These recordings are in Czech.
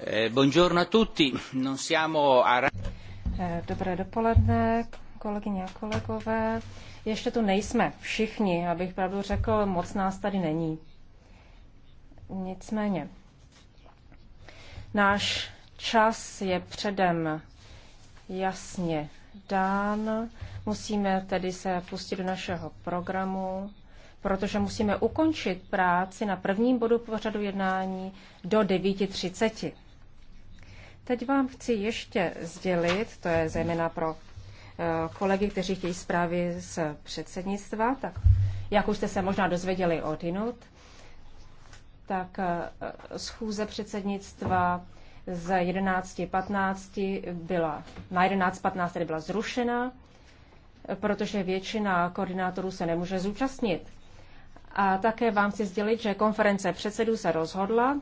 Eh, eh, dobré dopoledne, kolegyně a kolegové. Ještě tu nejsme všichni, abych pravdu řekl, moc nás tady není. Nicméně, náš čas je předem jasně dán. Musíme tedy se pustit do našeho programu, protože musíme ukončit práci na prvním bodu pořadu jednání do 9.30. Teď vám chci ještě sdělit, to je zejména pro eh, kolegy, kteří chtějí zprávy z předsednictva, tak jak už jste se možná dozvěděli od jinut, tak eh, schůze předsednictva z 11.15 byla, na 11.15 tedy byla zrušena, protože většina koordinátorů se nemůže zúčastnit. A také vám chci sdělit, že konference předsedů se rozhodla,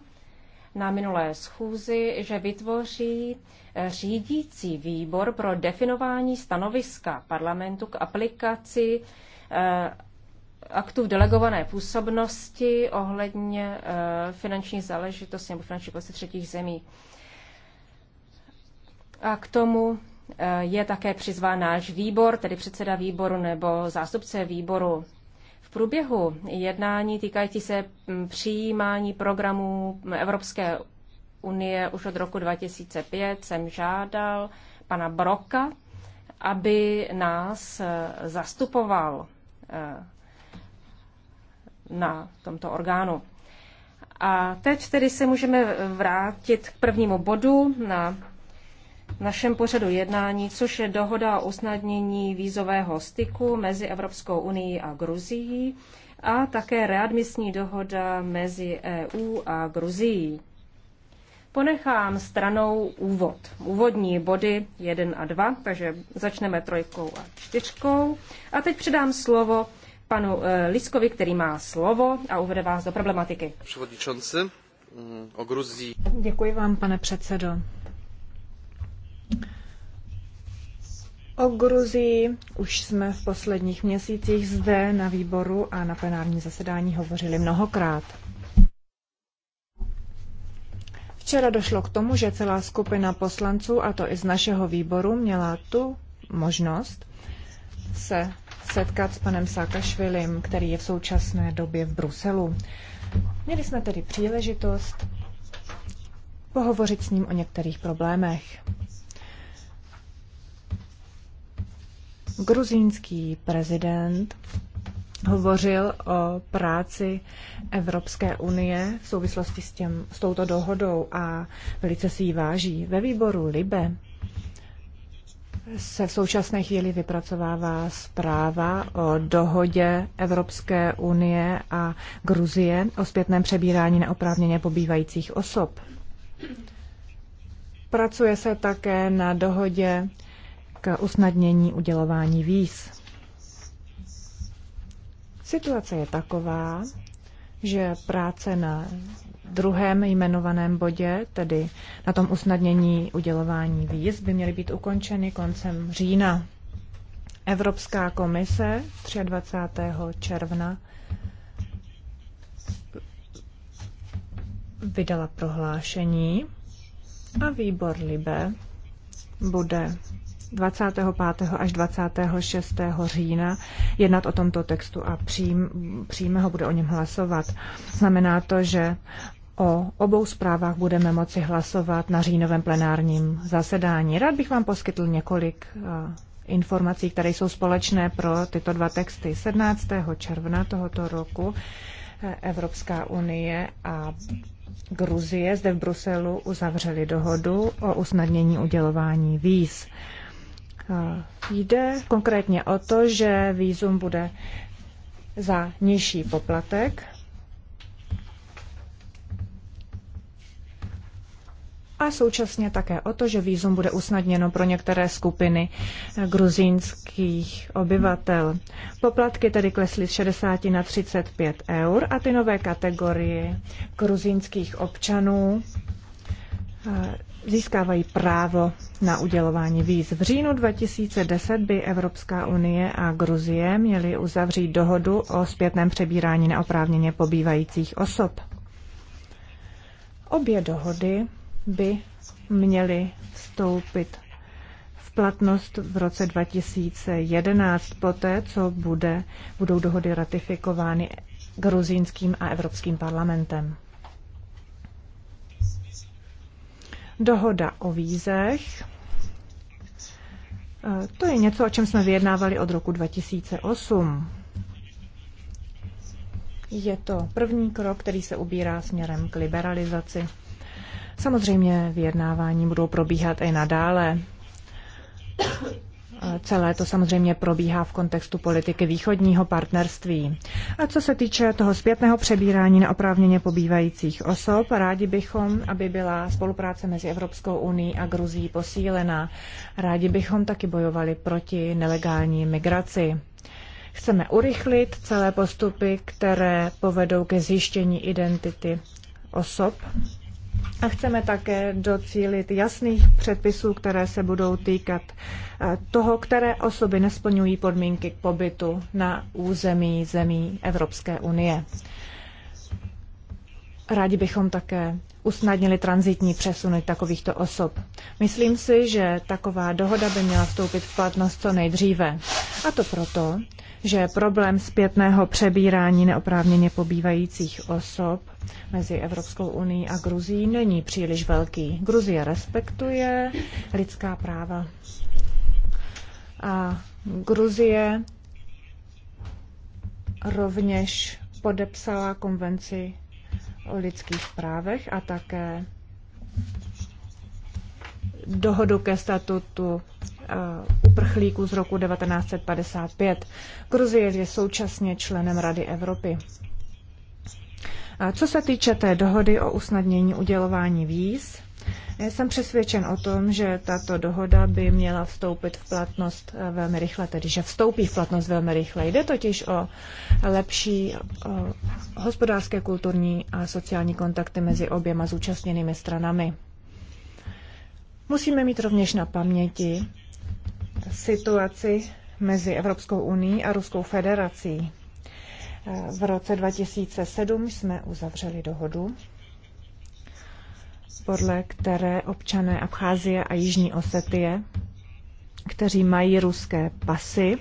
na minulé schůzi, že vytvoří eh, řídící výbor pro definování stanoviska parlamentu k aplikaci eh, aktů delegované působnosti ohledně eh, finanční záležitosti nebo finanční pozice třetích zemí. A k tomu je také přizván náš výbor, tedy předseda výboru nebo zástupce výboru průběhu jednání týkající se mm, přijímání programů Evropské unie už od roku 2005 jsem žádal pana Broka, aby nás eh, zastupoval eh, na tomto orgánu. A teď tedy se můžeme vrátit k prvnímu bodu na našem pořadu jednání, což je dohoda o usnadnění vízového styku mezi Evropskou unii a Gruzií a také readmisní dohoda mezi EU a Gruzií. Ponechám stranou úvod. Úvodní body 1 a 2, takže začneme trojkou a čtyřkou. A teď předám slovo panu eh, Liskovi, který má slovo a uvede vás do problematiky. Mm, Děkuji vám, pane předsedo. O Gruzii už jsme v posledních měsících zde na výboru a na plenárním zasedání hovořili mnohokrát. Včera došlo k tomu, že celá skupina poslanců, a to i z našeho výboru, měla tu možnost se setkat s panem Sákašvilim, který je v současné době v Bruselu. Měli jsme tedy příležitost pohovořit s ním o některých problémech. Gruzínský prezident hovořil o práci Evropské unie v souvislosti s, těm, s touto dohodou a velice si ji váží. Ve výboru LIBE se v současné chvíli vypracovává zpráva o dohodě Evropské unie a Gruzie o zpětném přebírání neoprávněně pobývajících osob. Pracuje se také na dohodě k usnadnění udělování víz. Situace je taková, že práce na druhém jmenovaném bodě, tedy na tom usnadnění udělování víz, by měly být ukončeny koncem října. Evropská komise 23. června vydala prohlášení a výbor Libe bude 25. až 26. října jednat o tomto textu a přijím, přijíme ho, bude o něm hlasovat. Znamená to, že O obou zprávách budeme moci hlasovat na říjnovém plenárním zasedání. Rád bych vám poskytl několik eh, informací, které jsou společné pro tyto dva texty. 17. června tohoto roku eh, Evropská unie a Gruzie zde v Bruselu uzavřeli dohodu o usnadnění udělování víz. Eh, jde konkrétně o to, že výzum bude za nižší poplatek a současně také o to, že výzum bude usnadněno pro některé skupiny eh, gruzínských obyvatel. Poplatky tedy klesly z 60 na 35 eur a ty nové kategorie gruzínských občanů eh, získávají právo na udělování víz. V říjnu 2010 by Evropská unie a Gruzie měly uzavřít dohodu o zpětném přebírání neoprávněně pobývajících osob. Obě dohody by měly vstoupit v platnost v roce 2011, poté co bude, budou dohody ratifikovány gruzínským a Evropským parlamentem. Dohoda o vízech. E, to je něco, o čem jsme vyjednávali od roku 2008. Je to první krok, který se ubírá směrem k liberalizaci. Samozřejmě vyjednávání budou probíhat i nadále. Celé to samozřejmě probíhá v kontextu politiky východního partnerství. A co se týče toho zpětného přebírání neoprávněně pobývajících osob, rádi bychom, aby byla spolupráce mezi Evropskou uní a Gruzí posílena. Rádi bychom taky bojovali proti nelegální migraci. Chceme urychlit celé postupy, které povedou ke zjištění identity osob a chceme také docílit jasných předpisů, které se budou týkat eh, toho, které osoby nesplňují podmínky k pobytu na území zemí Evropské unie. Rádi bychom také usnadnili transitní přesuny takovýchto osob. Myslím si, že taková dohoda by měla vstoupit v platnost co nejdříve. A to proto, že problém zpětného přebírání neoprávněně pobývajících osob mezi Evropskou unii a Gruzí není příliš velký. Gruzie respektuje lidská práva. A Gruzie rovněž podepsala konvenci o lidských právech a také dohodu ke statutu eh, uprchlíků z roku 1955. Gruzie je současně členem Rady Evropy. co se týče té dohody o usnadnění udělování víz, jsem přesvědčen o tom, že tato dohoda by měla vstoupit v platnost eh, velmi rychle, tedy že vstoupí v platnost velmi rychle. Jde totiž o lepší o eh, hospodářské, kulturní a sociální kontakty mezi oběma zúčastněnými stranami. Musíme mít rovněž na paměti situaci mezi Evropskou unii a Ruskou federací. V roce 2007 jsme uzavřeli dohodu, podle které občané Abcházie a Jižní Osetie, kteří mají ruské pasy,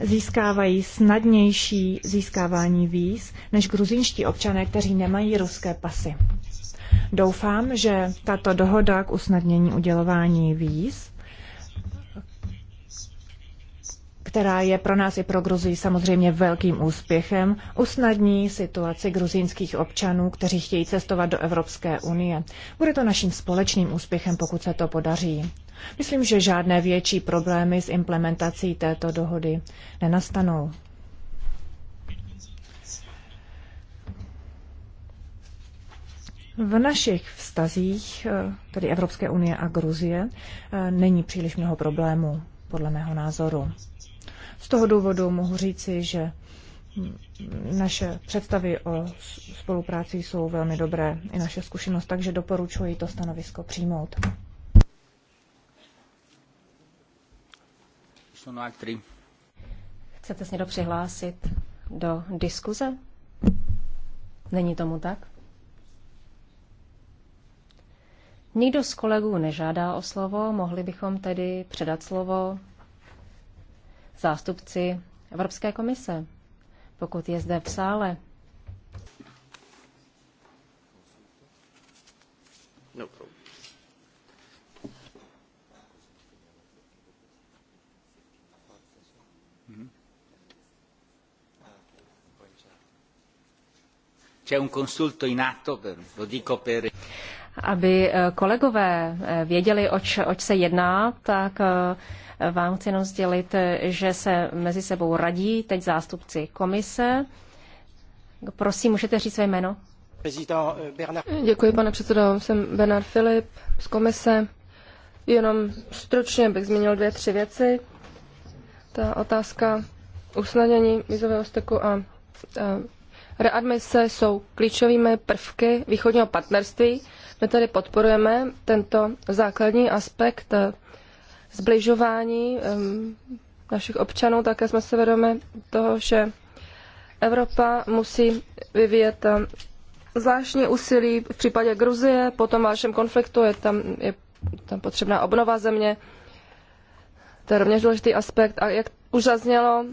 získávají snadnější získávání víz než gruzinští občané, kteří nemají ruské pasy. Doufám, že tato dohoda k usnadnění udělování víz, která je pro nás i pro Gruzii samozřejmě velkým úspěchem, usnadní situaci gruzínských občanů, kteří chtějí cestovat do Evropské unie. Bude to naším společným úspěchem, pokud se to podaří. Myslím, že žádné větší problémy s implementací této dohody nenastanou. V našich vztazích, eh, tedy Evropské unie a Gruzie, eh, není příliš mnoho problémů, podle mého názoru. Z toho důvodu mohu říci, že naše představy o spolupráci jsou velmi dobré, i naše zkušenost, takže doporučuji to stanovisko přijmout. Chcete se někdo přihlásit do diskuze? Není tomu tak? Nikdo z kolegů nežádá o slovo, mohli bychom tedy předat slovo zástupci Evropské komise, pokud je zde v sále. je no C'è un consulto in atto, lo dico per aby eh, kolegové eh, věděli, oč, oč se jedná, tak eh, vám chci jenom sdělit, že se mezi sebou radí teď zástupci komise. Prosím, můžete říct své jméno? Děkuji, pane předsedo. Jsem Bernard Filip z komise. Jenom stručně bych zmínil dvě, tři věci. Ta otázka usnadnění vizového styku a, a readmise jsou klíčovými prvky východního partnerství my tedy podporujeme tento základní aspekt eh, zbližování našich občanů. Také jsme si vědomi toho, že Evropa musí vyvíjet eh, zvláštní úsilí v případě Gruzie, po tom vašem konfliktu je tam, je tam potřebná obnova země. To je rovněž důležitý aspekt. A jak už zaznělo,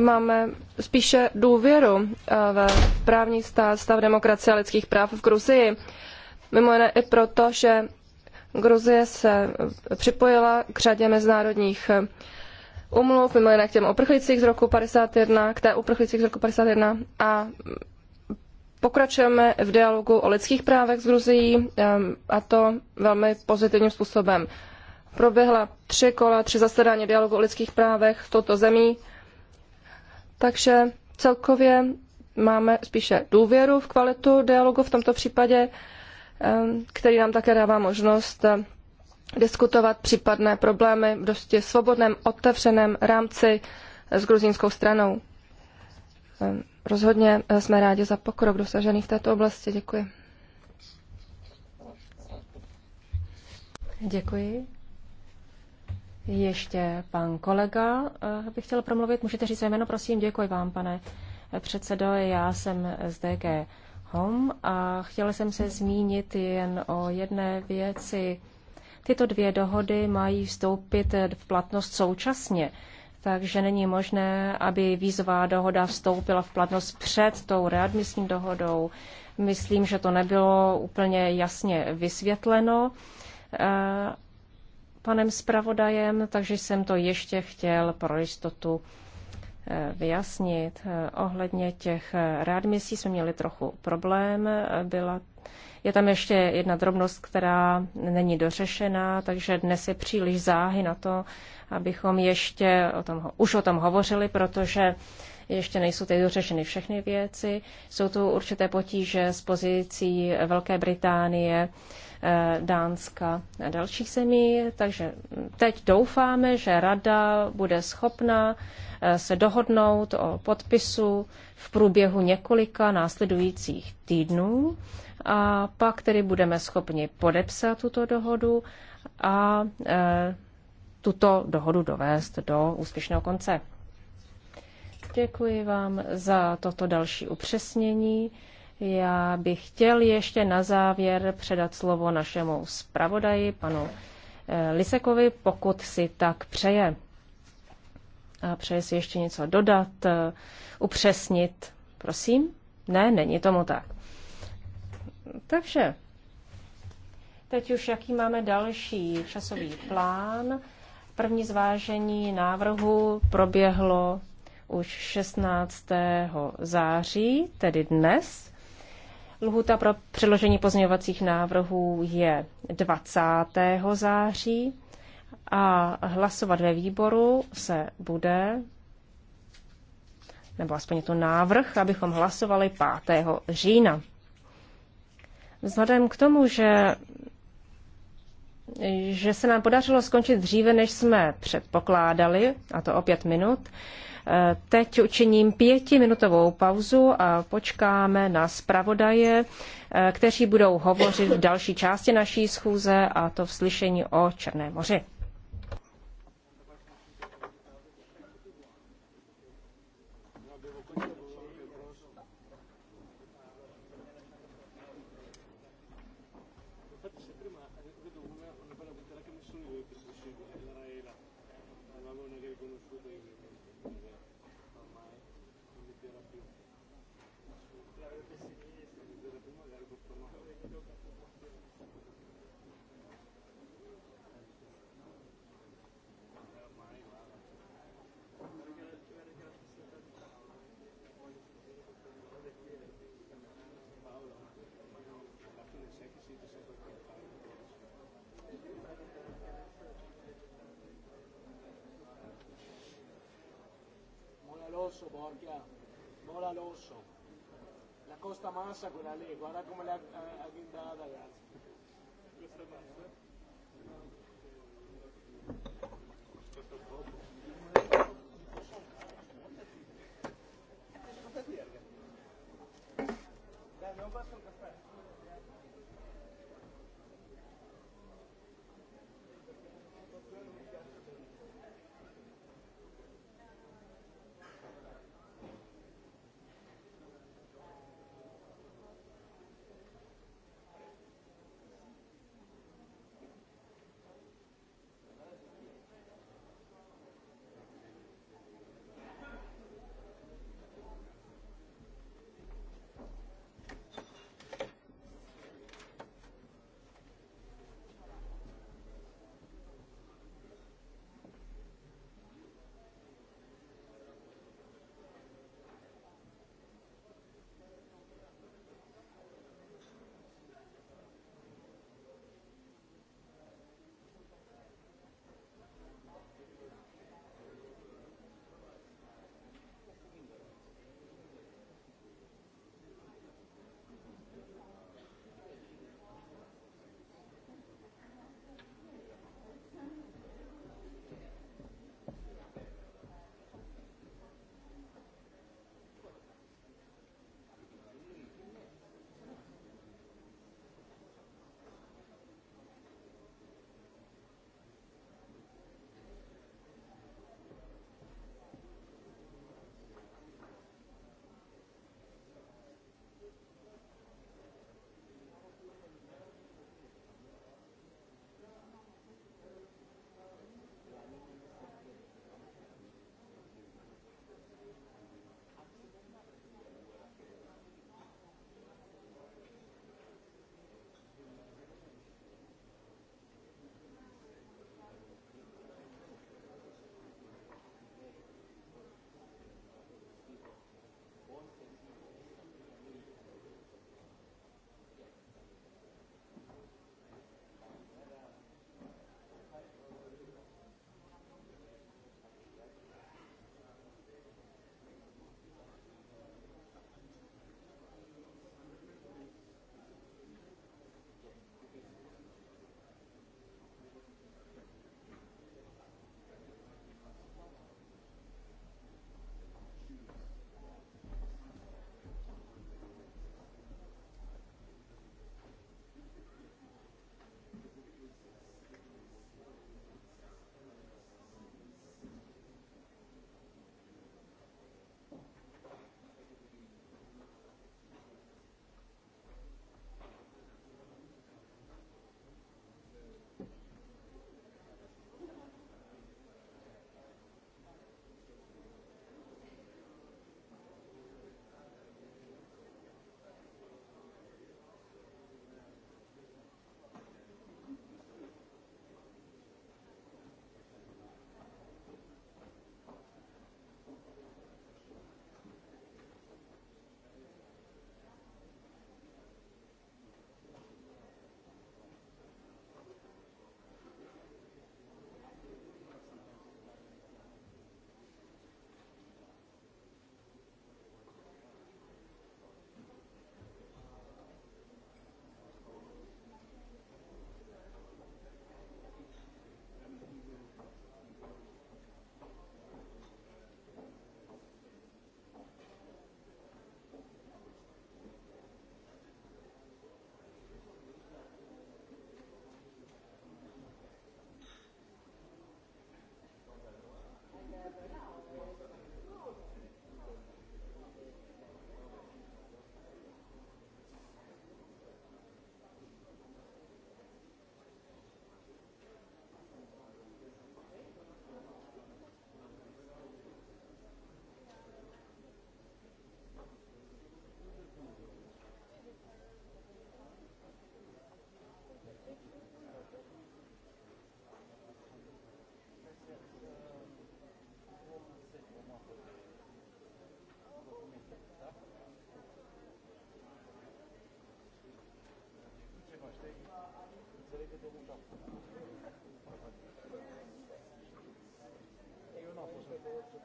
máme spíše důvěru eh, v právní stát, stav demokracie a lidských práv v Gruzii. Mimo jiné i proto, že Gruzie se eh, připojila k řadě mezinárodních eh, umluv, mimo jiné k těm uprchlicích z roku 51, k té uprchlicích z roku 51 a mm, pokračujeme v dialogu o lidských právech s Gruzií a to velmi pozitivním způsobem. Proběhla tři kola, tři zasedání dialogu o lidských právech v touto zemí takže celkově máme spíše důvěru v kvalitu dialogu v tomto případě, který nám také dává možnost eh, diskutovat případné problémy v dosti svobodném, otevřeném rámci eh, s gruzínskou stranou. Rozhodně eh, jsme rádi za pokrok dosažený v této oblasti. Děkuji. Děkuji. Ještě pan kolega eh, bych chtěl promluvit. Můžete říct své jméno, prosím. Děkuji vám, pane eh, předsedo. Já jsem z DG Home a chtěla jsem se zmínit jen o jedné věci. Tyto dvě dohody mají vstoupit v platnost současně, takže není možné, aby výzová dohoda vstoupila v platnost před tou readmisní dohodou. Myslím, že to nebylo úplně jasně vysvětleno eh, panem zpravodajem, takže jsem to ještě chtěl pro jistotu eh, vyjasnit. Eh, ohledně těch eh, readmisí jsme měli trochu problém. Byla, je tam ještě jedna drobnost, která není dořešená, takže dnes je příliš záhy na to, abychom ještě o tom, už o tom hovořili, protože ještě nejsou tady dořešeny všechny věci. Jsou tu určité potíže s pozicí Velké Británie Eh, Dánska a dalších zemí. Takže teď doufáme, že Rada bude schopna eh, se dohodnout o podpisu v průběhu několika následujících týdnů a pak tedy budeme schopni podepsat tuto dohodu a eh, tuto dohodu dovést do úspěšného konce. Děkuji vám za toto další upřesnění. Já bych chtěl ještě na závěr předat slovo našemu zpravodaji, panu eh, Lisekovi, pokud si tak přeje. A přeje si ještě něco dodat, eh, upřesnit. Prosím? Ne, není tomu tak. Takže, teď už jaký máme další časový plán. První zvážení návrhu proběhlo už 16. září, tedy dnes. Lhuta pro přeložení pozměňovacích návrhů je 20. září a hlasovat ve výboru se bude, nebo aspoň je to návrh, abychom hlasovali 5. října. Vzhledem k tomu, že, že se nám podařilo skončit dříve, než jsme předpokládali, a to o pět minut, Teď učiním pětiminutovou pauzu a počkáme na zpravodaje, kteří budou hovořit v další části naší schůze a to v slyšení o Černé moři. Oso, porca. Mola Oso. La costa massa quella lì, guarda come l'ha agghindata, ragazzi. non eh. caffè.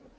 Thank you.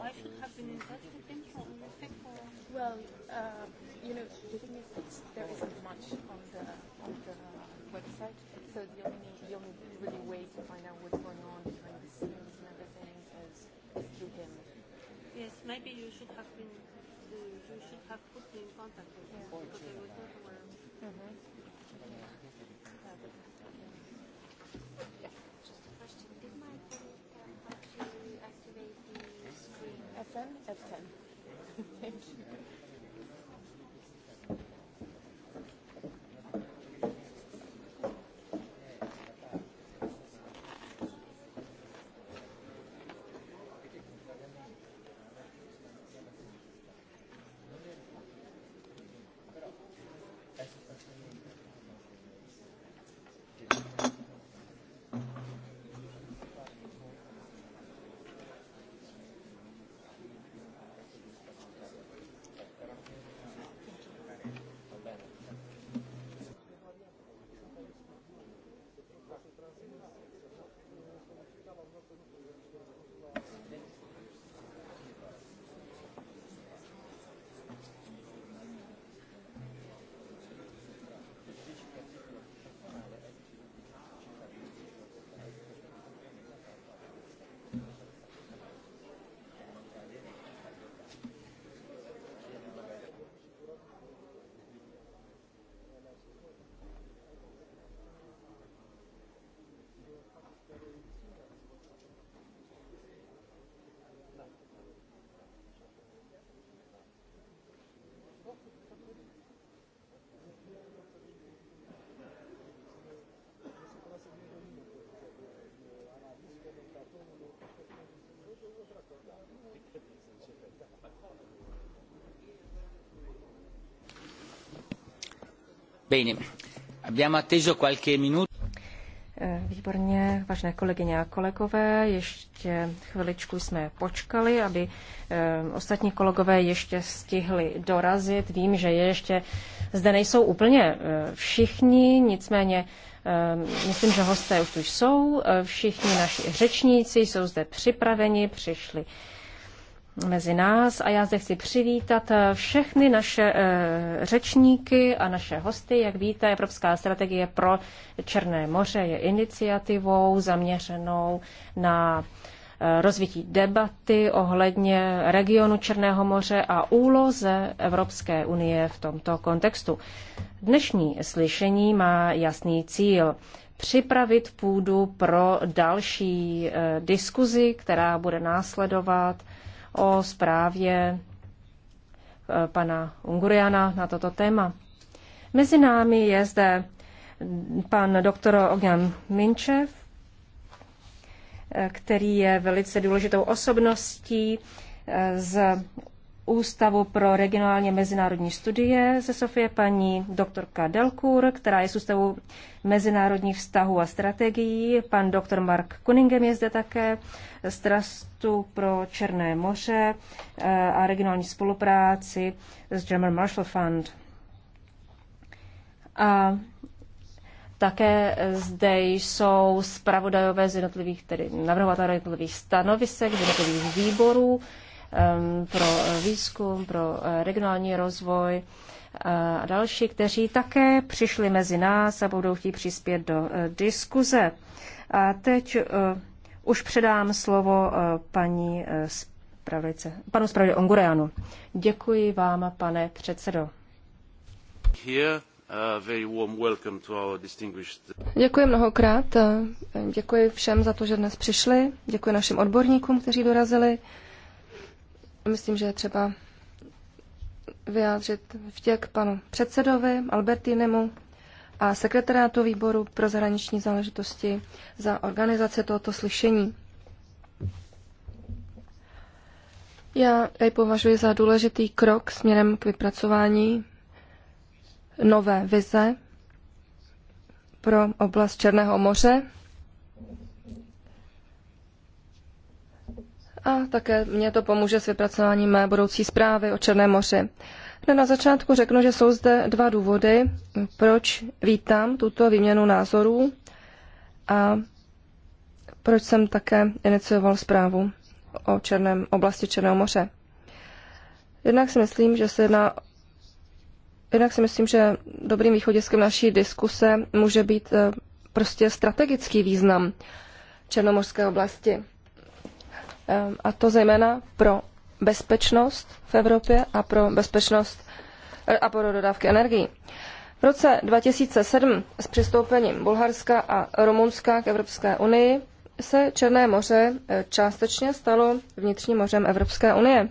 I should have been in touch with him for an Well, uh, you know, the thing is that there isn't much on the, on the website, so the only, the only really way to find out what's going on behind the scenes and everything is, is through him. Yes, maybe you should have been, uh, you should have put me in contact with him, yeah. because I was not aware. Mm-hmm. 10 10. Thank you. Eh, výborně, vážné kolegyně a kolegové, ještě chviličku jsme počkali, aby eh, ostatní kolegové ještě stihli dorazit. Vím, že ještě zde nejsou úplně eh, všichni, nicméně myslím, že hosté už tu jsou. Všichni naši řečníci jsou zde připraveni, přišli mezi nás a já zde chci přivítat eh, všechny naše eh, řečníky a naše hosty. Jak víte, Evropská strategie pro Černé moře je iniciativou zaměřenou na eh, rozvití debaty ohledně regionu Černého moře a úloze Evropské unie v tomto kontextu. Dnešní slyšení má jasný cíl připravit půdu pro další diskuzi, která bude následovat o zprávě eh, pana Unguriana na toto téma. Mezi námi je zde pan doktor Ognan Minčev, eh, který je velice důležitou osobností eh, z Ústavu pro regionálně mezinárodní studie ze Sofie paní doktorka Delkur, která je z Ústavu mezinárodních vztahů a strategií. Pan doktor Mark Kuningem je zde také z Trustu pro Černé moře eh, a regionální spolupráci z German Marshall Fund. A také zde jsou zpravodajové z jednotlivých, tedy navrhovatelé jednotlivých stanovisek, z jednotlivých výborů pro eh, výzkum, pro eh, regionální rozvoj eh, a další, kteří také přišli mezi nás a budou chtít přispět do diskuze. A teď už předám slovo paní spravice, panu spravodaj Ongureanu. Děkuji vám, pane předsedo. Here. Děkuji mnohokrát. Děkuji všem za to, že dnes přišli. Děkuji našim odborníkům, kteří dorazili myslím, že je třeba vyjádřit vděk panu předsedovi Albertinemu a sekretariátu výboru pro zahraniční záležitosti za organizaci tohoto slyšení. Já jej považuji za důležitý krok směrem k vypracování nové vize pro oblast Černého moře a také mě to pomůže s vypracováním mé budoucí zprávy o Černém moři. Hned na začátku řeknu, že jsou zde dva důvody, proč vítám tuto výměnu názorů a proč jsem také inicioval zprávu o černém, oblasti Černého moře. Jednak si myslím, že se jedná Jednak si myslím, že dobrým východiskem naší diskuse může být eh, prostě strategický význam Černomorské oblasti. Ehm, a to zejména pro bezpečnost v Evropě a pro bezpečnost eh, a pro dodávky energií. V roce 2007 s přistoupením Bulharska a Rumunska k Evropské unii se Černé moře eh, částečně stalo vnitřním mořem Evropské unie.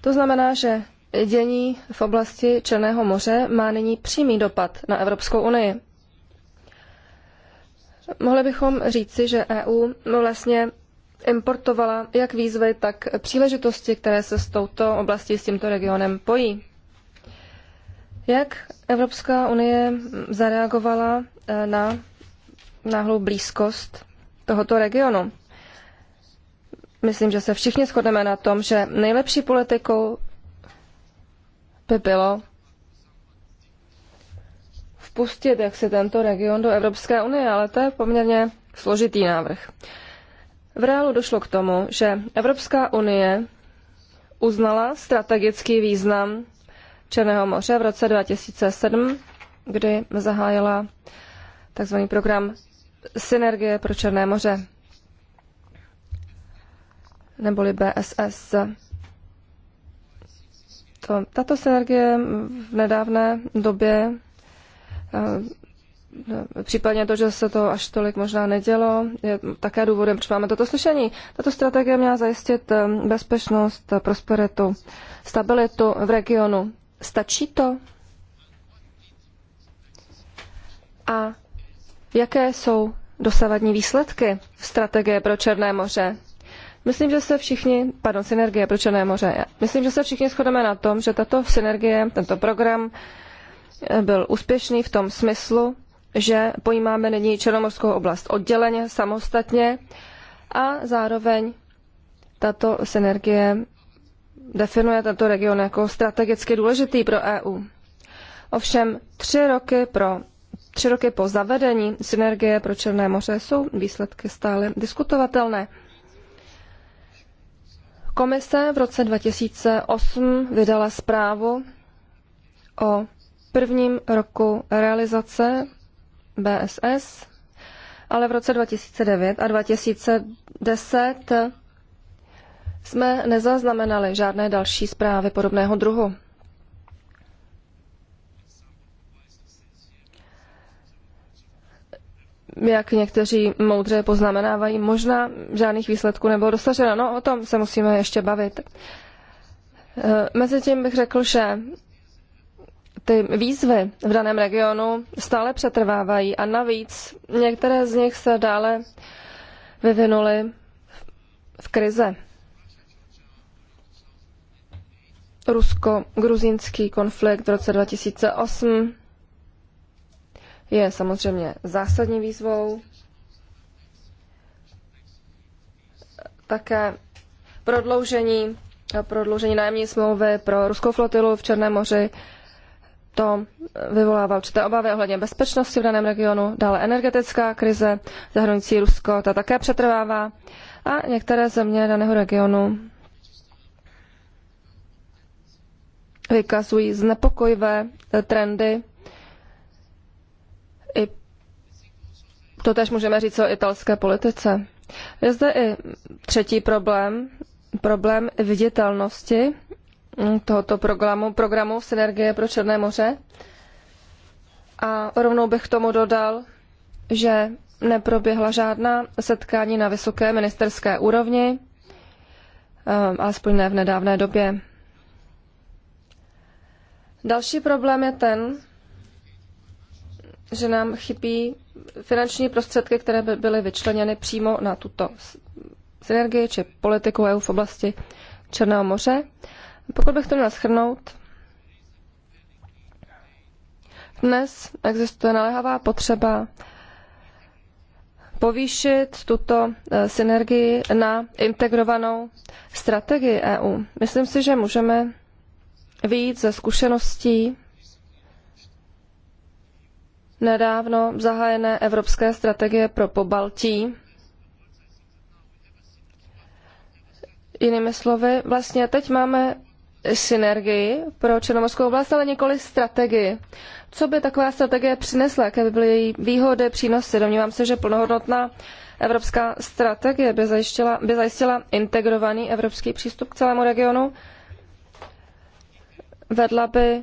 To znamená, že dění v oblasti Černého moře má nyní přímý dopad na Evropskou unii. Mohli bychom říci, že EU no, vlastně importovala jak výzvy, tak příležitosti, které se s touto oblastí, s tímto regionem pojí. Jak Evropská unie zareagovala e, na náhlou blízkost tohoto regionu? Myslím, že se všichni shodneme na tom, že nejlepší politikou by bylo vpustit jaksi tento region do Evropské unie, ale to je poměrně složitý návrh. V reálu došlo k tomu, že Evropská unie uznala strategický význam Černého moře v roce 2007, kdy zahájila tzv. program Synergie pro Černé moře, neboli BSS. To, tato synergie v nedávné době Eh, případně to, že se to až tolik možná nedělo, je také důvodem, proč máme toto slyšení. Tato strategie měla zajistit eh, bezpečnost, prosperitu, stabilitu v regionu. Stačí to? A jaké jsou dosavadní výsledky strategie pro Černé moře? Myslím, že se všichni, pardon, synergie pro Černé moře. Myslím, že se všichni shodeme na tom, že tato synergie, tento program byl úspěšný v tom smyslu, že pojímáme nyní Černomorskou oblast odděleně, samostatně a zároveň tato synergie definuje tento region jako strategicky důležitý pro EU. Ovšem tři roky, pro, tři roky po zavedení synergie pro Černé moře jsou výsledky stále diskutovatelné. Komise v roce 2008 vydala zprávu o prvním roku realizace BSS, ale v roce 2009 a 2010 jsme nezaznamenali žádné další zprávy podobného druhu. jak někteří moudře poznamenávají, možná žádných výsledků nebylo dosaženo. No, o tom se musíme ještě bavit. E, mezitím bych řekl, že ty výzvy v daném regionu stále přetrvávají a navíc některé z nich se dále vyvinuly v krize. Rusko-gruzínský konflikt v roce 2008 je samozřejmě zásadní výzvou. Také prodloužení, prodloužení nájemní smlouvy pro ruskou flotilu v Černém moři to vyvolává určité obavy ohledně bezpečnosti v daném regionu, dále energetická krize, zahrnující Rusko, ta také přetrvává a některé země daného regionu vykazují znepokojivé trendy. I to tež můžeme říct o italské politice. Je zde i třetí problém, problém viditelnosti tohoto programu, programu Synergie pro Černé moře. A rovnou bych k tomu dodal, že neproběhla žádná setkání na vysoké ministerské úrovni, eh, alespoň ne v nedávné době. Další problém je ten, že nám chybí finanční prostředky, které by byly vyčleněny přímo na tuto synergii či politiku EU v oblasti Černého moře. Pokud bych to měl schrnout, dnes existuje naléhavá potřeba povýšit tuto eh, synergii na integrovanou strategii EU. Myslím si, že můžeme vyjít ze zkušeností nedávno zahájené Evropské strategie pro pobaltí. Jinými slovy, vlastně teď máme synergii pro Černomorskou oblast, ale nikoli strategii. Co by taková strategie přinesla? Jaké by byly její výhody, přínosy? Domnívám se, že plnohodnotná evropská strategie by zajistila, by zajistila integrovaný evropský přístup k celému regionu. Vedla by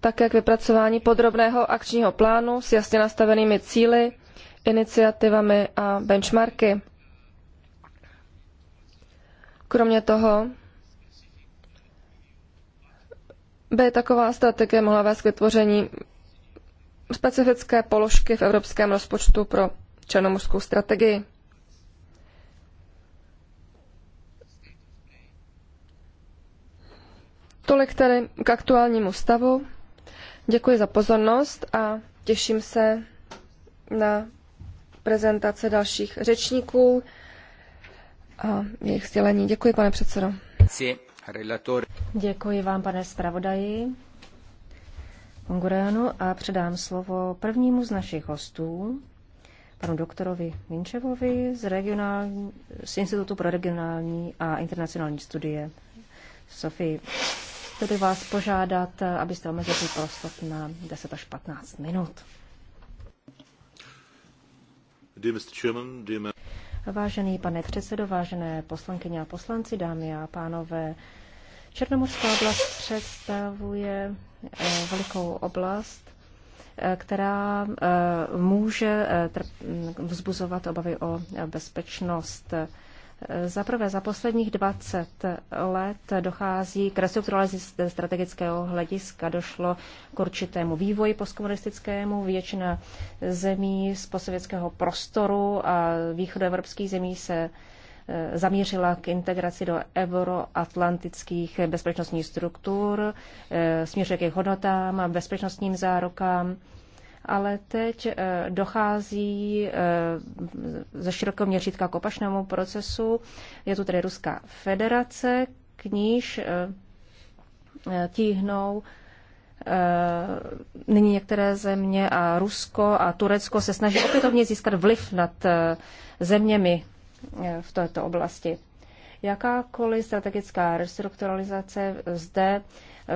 také k vypracování podrobného akčního plánu s jasně nastavenými cíly, iniciativami a benchmarky. Kromě toho by taková strategie mohla vést k vytvoření specifické položky v evropském rozpočtu pro černomorskou strategii. Tolik tedy k aktuálnímu stavu. Děkuji za pozornost a těším se na prezentace dalších řečníků a jejich sdělení. Děkuji, pane předsedo. Děkuji. Děkuji vám, pane zpravodaji Ungureanu, a předám slovo prvnímu z našich hostů, panu doktorovi Minčevovi z, regionální, z Institutu pro regionální a internacionální studie. Sofii, chtěl bych vás požádat, abyste omezili prostor na 10 až 15 minut. Dear Mr. Chairman, dear Vážený pane předsedo, vážené poslankyně a poslanci, dámy a pánové, Černomorská oblast představuje eh, velikou oblast, eh, která eh, může vzbuzovat obavy o bezpečnost Zaprvé za posledních 20 let dochází k restrukturalizaci strategického hlediska. Došlo k určitému vývoji postkomunistickému. Většina zemí z posovětského prostoru a východoevropských zemí se e, zamířila k integraci do euroatlantických bezpečnostních struktur, e, směřuje k jejich hodnotám, bezpečnostním zárokám ale teď eh, dochází eh, ze širokého měřítka k opačnému procesu. Je tu tedy Ruská federace, k níž eh, tíhnou nyní některé země a Rusko a Turecko se snaží opětovně získat vliv nad zeměmi v této oblasti. Jakákoliv strategická restrukturalizace zde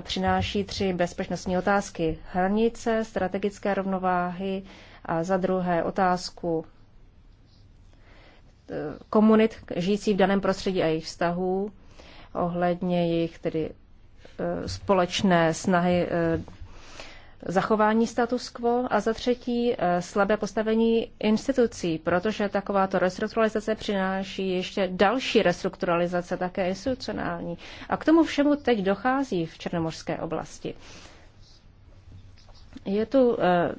přináší tři bezpečnostní otázky. Hranice, strategické rovnováhy a za druhé otázku eh, komunit žijící v daném prostředí a jejich vztahů ohledně jejich tedy eh, společné snahy eh, zachování status quo a za třetí eh, slabé postavení institucí, protože takováto restrukturalizace přináší ještě další restrukturalizace, také institucionální. A k tomu všemu teď dochází v Černomorské oblasti. Je tu eh,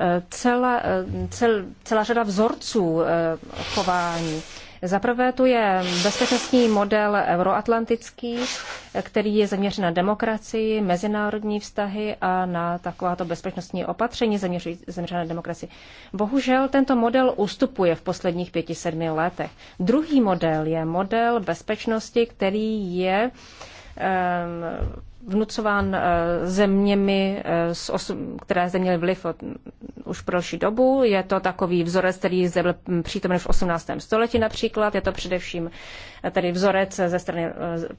eh, celá, cel, celá řada vzorců chování za prvé tu je bezpečnostní model euroatlantický, který je zaměřen na demokracii, mezinárodní vztahy a na takováto bezpečnostní opatření zaměřené na demokracii. Bohužel tento model ustupuje v posledních pěti, sedmi letech. Druhý model je model bezpečnosti, který je um, vnucován eh, zeměmi, eh, které zde měly vliv od, už pro další dobu. Je to takový vzorec, který zde byl přítomen v 18. století například. Je to především eh, tedy vzorec ze strany,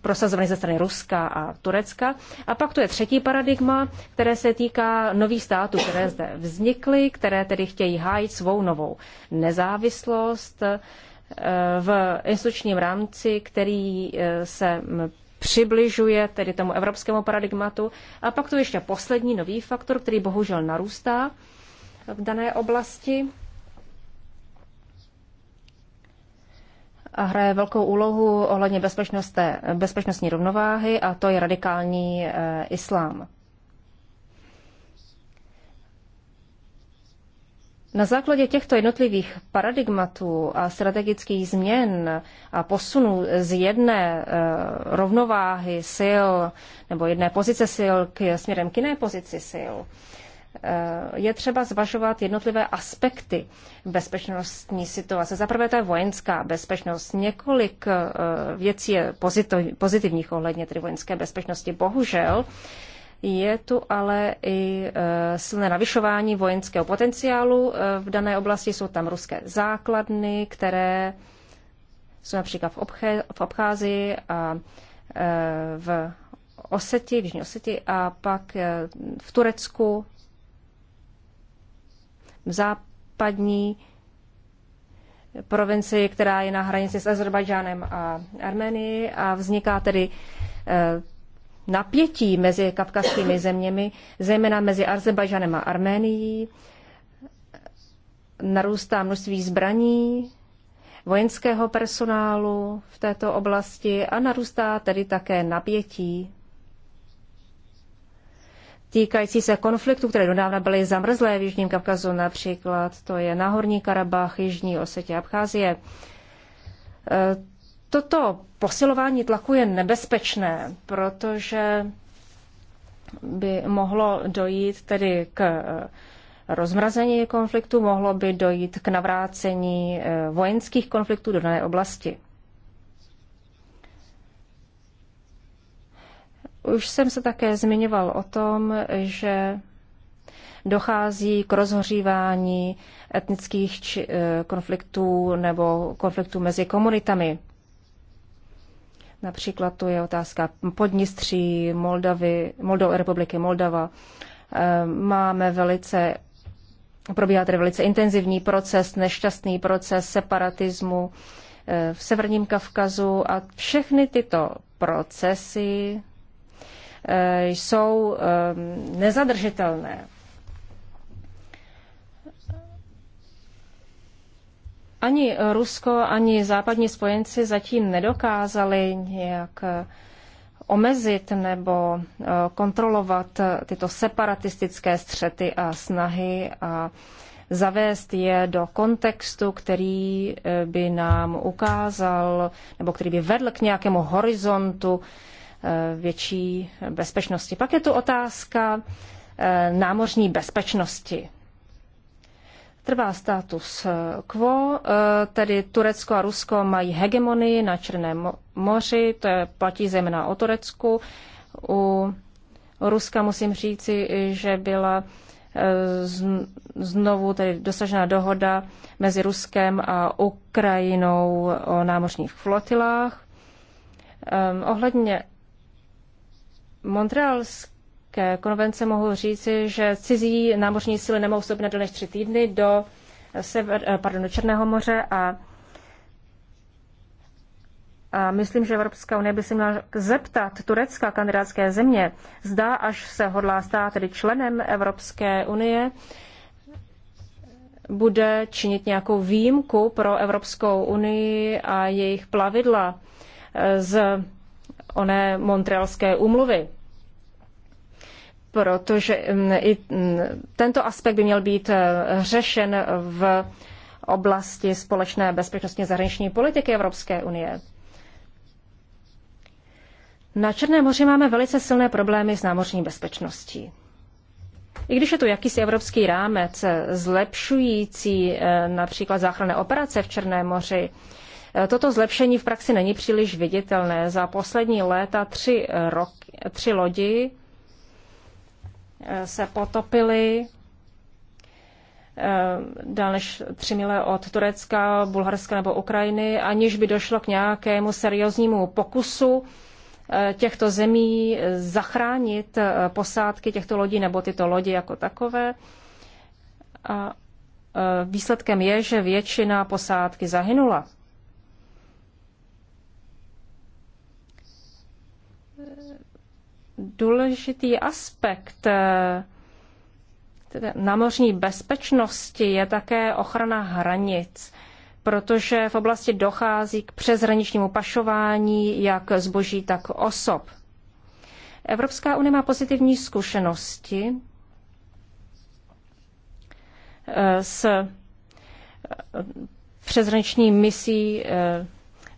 prosazovaný ze strany Ruska a Turecka. A pak tu je třetí paradigma, které se týká nových států, které zde vznikly, které tedy chtějí hájit svou novou nezávislost v institučním rámci, který se přibližuje tedy tomu evropskému paradigmatu. A pak tu ještě poslední nový faktor, který bohužel narůstá v dané oblasti a hraje velkou úlohu ohledně bezpečnostní rovnováhy a to je radikální eh, islám. Na základě těchto jednotlivých paradigmatů a strategických změn a posunů z jedné eh, rovnováhy sil nebo jedné pozice sil k směrem k jiné pozici sil, eh, je třeba zvažovat jednotlivé aspekty bezpečnostní situace. Za prvé to je vojenská bezpečnost. Několik eh, věcí je pozitivních ohledně tedy vojenské bezpečnosti. Bohužel je tu ale i e, silné navyšování vojenského potenciálu. E, v dané oblasti jsou tam ruské základny, které jsou například v, Obche, v Obcházii a e, v Oseti, v Jižní Oseti a pak v Turecku, v západní provincii, která je na hranici s Azerbajdžánem a Armenii a vzniká tedy napětí mezi kavkazskými zeměmi, zejména mezi Azerbajdžanem a Arménií. Narůstá množství zbraní, vojenského personálu v této oblasti a narůstá tedy také napětí týkající se konfliktů, které donávna byly zamrzlé v Jižním Kavkazu, například to je Nahorní Karabach, Jižní Osetě Abcházie. Toto posilování tlaku je nebezpečné, protože by mohlo dojít tedy k eh, rozmrazení konfliktu, mohlo by dojít k navrácení eh, vojenských konfliktů do dané oblasti. Už jsem se také zmiňoval o tom, že dochází k rozhořívání etnických eh, konfliktů nebo konfliktů mezi komunitami. Například tu je otázka Podnistří, Moldavy, Moldo, republiky Moldava. Ehm, máme velice, probíhá tady velice intenzivní proces, nešťastný proces separatismu eh, v Severním Kavkazu a všechny tyto procesy eh, jsou ehm, nezadržitelné. Ani Rusko, ani západní spojenci zatím nedokázali nějak eh, omezit nebo eh, kontrolovat tyto separatistické střety a snahy a zavést je do kontextu, který eh, by nám ukázal nebo který by vedl k nějakému horizontu větší bezpečnosti. Pak je tu otázka námořní bezpečnosti. Trvá status quo, eh, tedy Turecko a Rusko mají hegemonii na Černém moři, to je, platí zejména o Turecku. U Ruska musím říci, že byla eh, znovu tedy dosažena dohoda mezi Ruskem a Ukrajinou o námořních flotilách. Ehm, ohledně montrealské ke konvence mohu říci, že cizí námořní síly nemohou vstoupit na než tři týdny do, sever, eh, pardon, do Černého moře a a myslím, že Evropská unie by se měla zeptat turecká kandidátské země, zda až se hodlá stát tedy členem Evropské unie, bude činit nějakou výjimku pro Evropskou unii a jejich plavidla eh, z oné Montrealské úmluvy protože mm, i mm, tento aspekt by měl být eh, řešen v oblasti společné bezpečnostně zahraniční politiky Evropské unie. Na Černém moři máme velice silné problémy s námořní bezpečností. I když je tu jakýsi evropský rámec eh, zlepšující eh, například záchranné operace v Černém moři, toto zlepšení v praxi není příliš viditelné. Za poslední léta tři, roky, tři lodi se potopily eh, dál než tři mile od Turecka, Bulharska nebo Ukrajiny, aniž by došlo k nějakému serióznímu pokusu eh, těchto zemí eh, zachránit posádky těchto lodí nebo tyto lodi jako takové. A výsledkem je, že většina posádky zahynula. důležitý aspekt eh, námořní bezpečnosti je také ochrana hranic, protože v oblasti dochází k přeshraničnímu pašování jak zboží, tak osob. Evropská unie má pozitivní zkušenosti eh, s eh, přeshraniční misí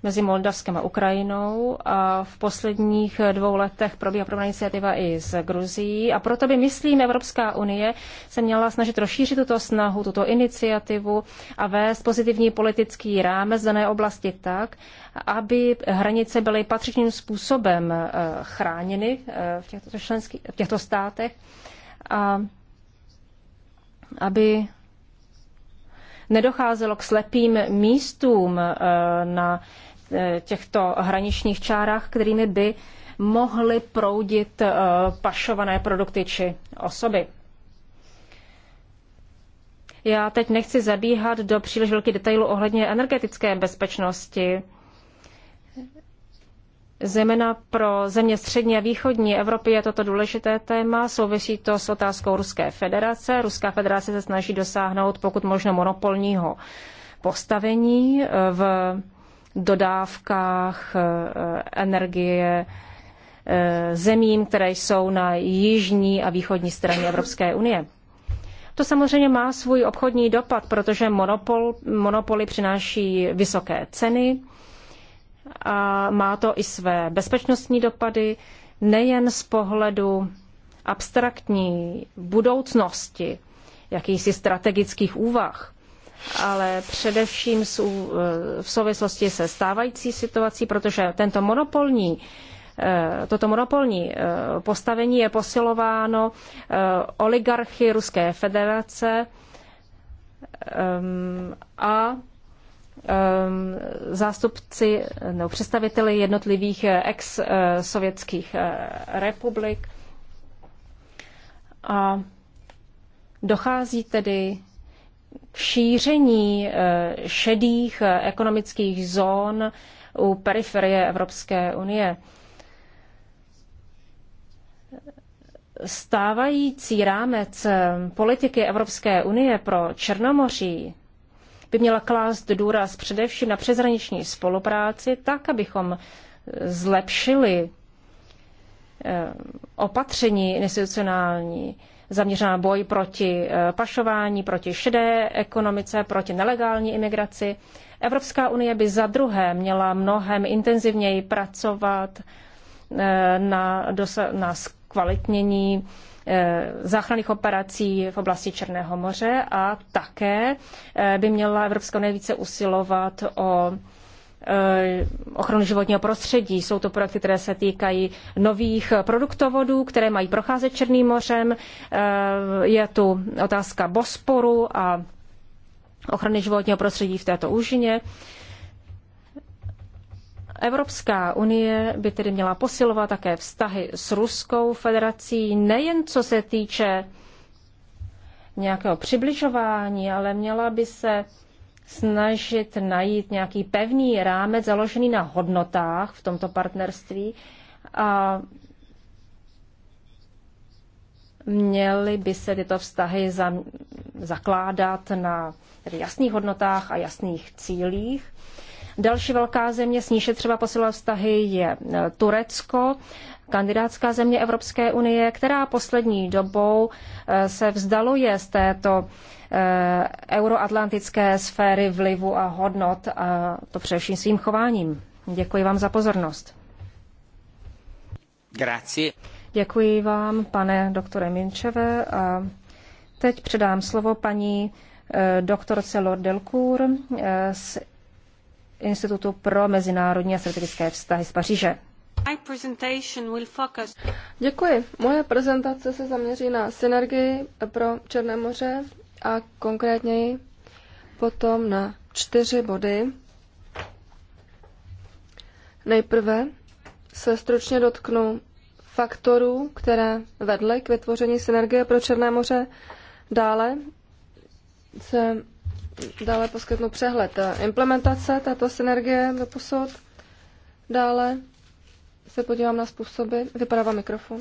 mezi Moldavskem a Ukrajinou a v posledních dvou letech probíhá podobná iniciativa i s Gruzií a proto by, myslím, Evropská unie se měla snažit rozšířit tuto snahu, tuto iniciativu a vést pozitivní politický rámec dané oblasti tak, aby hranice byly patřičným způsobem eh, chráněny eh, v těchto, členských, v těchto státech a aby nedocházelo k slepým místům eh, na Eh, těchto hraničních čárách, kterými by mohly proudit eh, pašované produkty či osoby. Já teď nechci zabíhat do příliš velkých detailů ohledně energetické bezpečnosti, Zejména pro země střední a východní Evropy je toto důležité téma. Souvisí to s otázkou Ruské federace. Ruská federace se snaží dosáhnout pokud možno monopolního postavení eh, v dodávkách eh, energie eh, zemím, které jsou na jižní a východní straně Evropské unie. To samozřejmě má svůj obchodní dopad, protože monopol, monopoly přináší vysoké ceny a má to i své bezpečnostní dopady, nejen z pohledu abstraktní budoucnosti, jakýchsi strategických úvah, ale především e, v souvislosti se stávající situací, protože tento monopolní e, toto monopolní e, postavení je posilováno oligarchy Ruské federace a zástupci nebo představiteli jednotlivých ex-sovětských republik. A dochází tedy šíření eh, šedých eh, ekonomických zón u periferie Evropské unie. Stávající rámec eh, politiky Evropské unie pro Černomoří by měla klást důraz především na přezraniční spolupráci, tak, abychom zlepšili opatření institucionální zaměřená boj proti eh, pašování, proti šedé ekonomice, proti nelegální imigraci. Evropská unie by za druhé měla mnohem intenzivněji pracovat eh, na, na zkvalitnění eh, záchranných operací v oblasti Černého moře a také by měla Evropská unie více usilovat o Eh, ochranu životního prostředí. Jsou to projekty, které se týkají nových produktovodů, které mají procházet Černým mořem. Eh, je tu otázka Bosporu a ochrany životního prostředí v této úžině. Evropská unie by tedy měla posilovat také vztahy s Ruskou federací, nejen co se týče nějakého přibližování, ale měla by se snažit najít nějaký pevný rámec založený na hodnotách v tomto partnerství a měly by se tyto vztahy za, zakládat na tedy jasných hodnotách a jasných cílích. Další velká země, s níž je třeba posilovat vztahy, je Turecko kandidátská země Evropské unie, která poslední dobou eh, se vzdaluje z této eh, euroatlantické sféry vlivu a hodnot, a to především svým chováním. Děkuji vám za pozornost. Grazie. Děkuji vám, pane doktore Minčeve. A teď předám slovo paní eh, doktorce Lord Delcour z Institutu pro mezinárodní a strategické vztahy z Paříže. Děkuji. Moje prezentace se zaměří na synergii pro Černé moře a konkrétněji potom na čtyři body. Nejprve se stručně dotknu faktorů, které vedly k vytvoření synergie pro Černé moře. Dále se dále poskytnu přehled implementace této synergie do posud. Dále se podívám na způsoby. Vypadává mikrofon.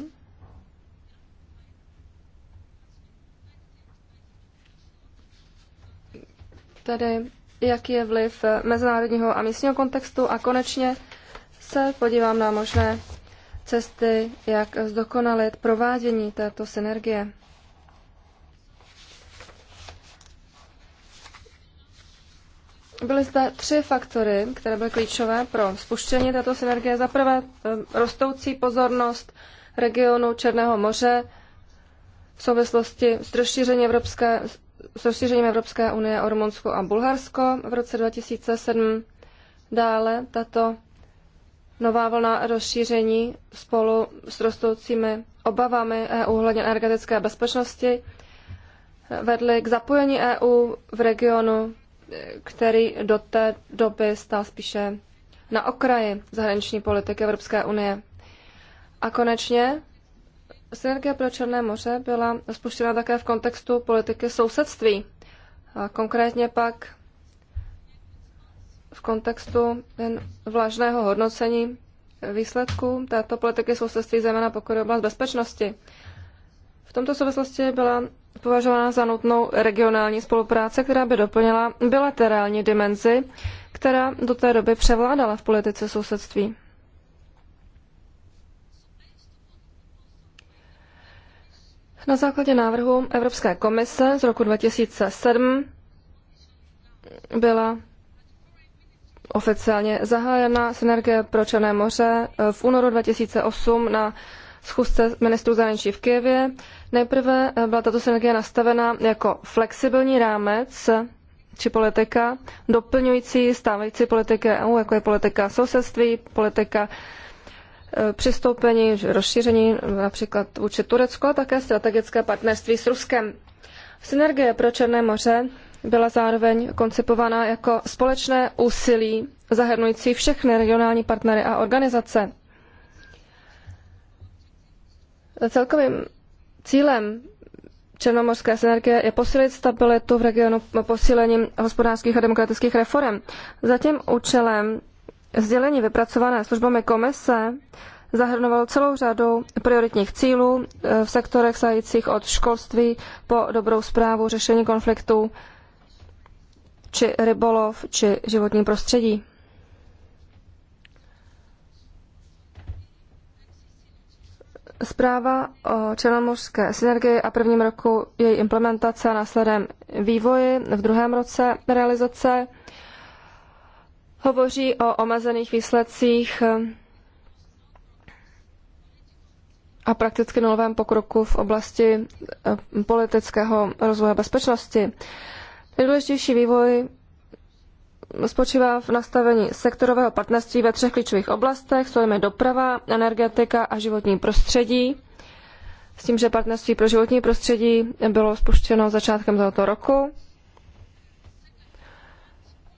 Tedy, jaký je vliv mezinárodního a místního kontextu a konečně se podívám na možné cesty, jak zdokonalit provádění této synergie. Byly zde tři faktory, které byly klíčové pro spuštění této synergie. Za prvé rostoucí pozornost regionu Černého moře v souvislosti s rozšířením Evropské, s rozšířením Evropské unie o Rumunsko a Bulharsko v roce 2007. Dále tato nová vlna rozšíření spolu s rostoucími obavami EU hledně energetické bezpečnosti vedly k zapojení EU v regionu který do té doby stál spíše na okraji zahraniční politiky Evropské unie. A konečně synergie pro Černé moře byla spuštěna také v kontextu politiky sousedství. A konkrétně pak v kontextu jen vlažného hodnocení výsledků této politiky sousedství, zejména pokud oblast bezpečnosti tomto souvislosti byla považována za nutnou regionální spolupráce, která by doplnila bilaterální dimenzi, která do té doby převládala v politice sousedství. Na základě návrhu Evropské komise z roku 2007 byla oficiálně zahájena synergie pro Černé moře v únoru 2008 na schůzce ministrů zahraničí v Kijevě. Nejprve eh, byla tato synergie nastavena jako flexibilní rámec eh, či politika, doplňující stávající politiky EU, jako je politika sousedství, politika eh, přistoupení, rozšíření například vůči Turecku a také strategické partnerství s Ruskem. Synergie pro Černé moře byla zároveň koncipována jako společné úsilí zahrnující všechny regionální partnery a organizace. Celkovým cílem černomorské synergie je posílit stabilitu v regionu posílením hospodářských a demokratických reform. Za tím účelem sdělení vypracované službami komise zahrnovalo celou řadu prioritních cílů e, v sektorech sajících od školství po dobrou zprávu, řešení konfliktů či rybolov či životní prostředí. Zpráva o černomorské synergii a prvním roku její implementace a následem vývoji, v druhém roce realizace hovoří o omezených výsledcích a prakticky nulovém pokroku v oblasti eh, politického rozvoje bezpečnosti. Nejdůležitější vývoj spočívá v nastavení sektorového partnerství ve třech klíčových oblastech, jsou jimi doprava, energetika a životní prostředí. S tím, že partnerství pro životní prostředí bylo spuštěno začátkem tohoto roku.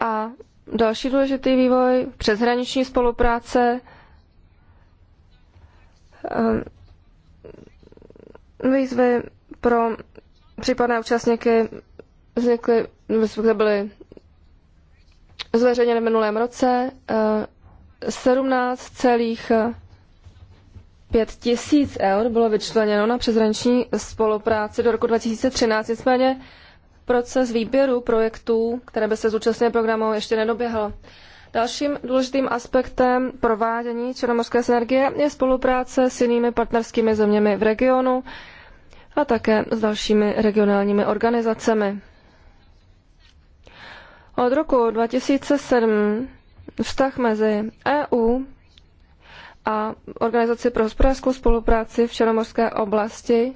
A další důležitý vývoj, přeshraniční spolupráce, ehm, výzvy pro případné účastníky vznikly, byly zveřejněny v minulém roce 17,5 eh, tisíc eur bylo vyčleněno na přezranční spolupráci do roku 2013, nicméně proces výběru projektů, které by se zúčastnily programu, ještě nedoběhl. Dalším důležitým aspektem provádění Černomorské synergie je spolupráce s jinými partnerskými zeměmi v regionu a také s dalšími regionálními organizacemi. Od roku 2007 vztah mezi EU a Organizaci pro hospodářskou spolupráci v Černomorské oblasti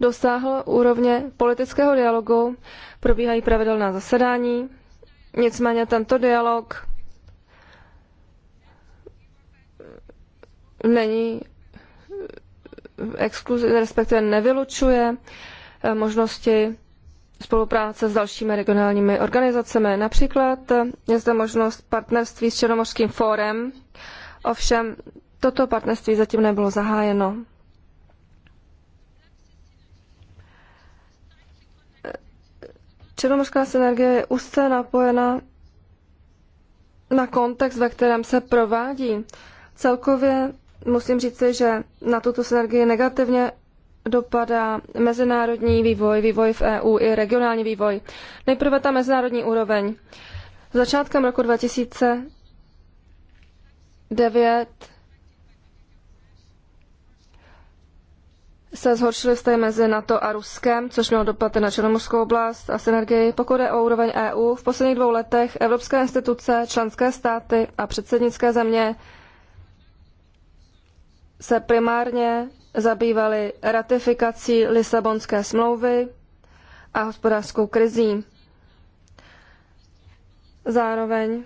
dosáhl úrovně politického dialogu, probíhají pravidelná zasedání, nicméně tento dialog není eh, exkluzivní, respektive nevylučuje eh, možnosti spolupráce s dalšími regionálními organizacemi. Například je zde možnost partnerství s Černomorským fórem, ovšem toto partnerství zatím nebylo zahájeno. Černomorská synergie je úzce napojena na kontext, ve kterém se provádí. Celkově musím říci, že na tuto synergii negativně dopadá mezinárodní vývoj, vývoj v EU i regionální vývoj. Nejprve ta mezinárodní úroveň. Začátkem roku 2009 se zhoršily vztahy mezi NATO a Ruskem, což mělo dopad na Černomorskou oblast a synergii. Pokud je o úroveň EU, v posledních dvou letech evropské instituce, členské státy a předsednické země se primárně zabývali ratifikací Lisabonské smlouvy a hospodářskou krizí. Zároveň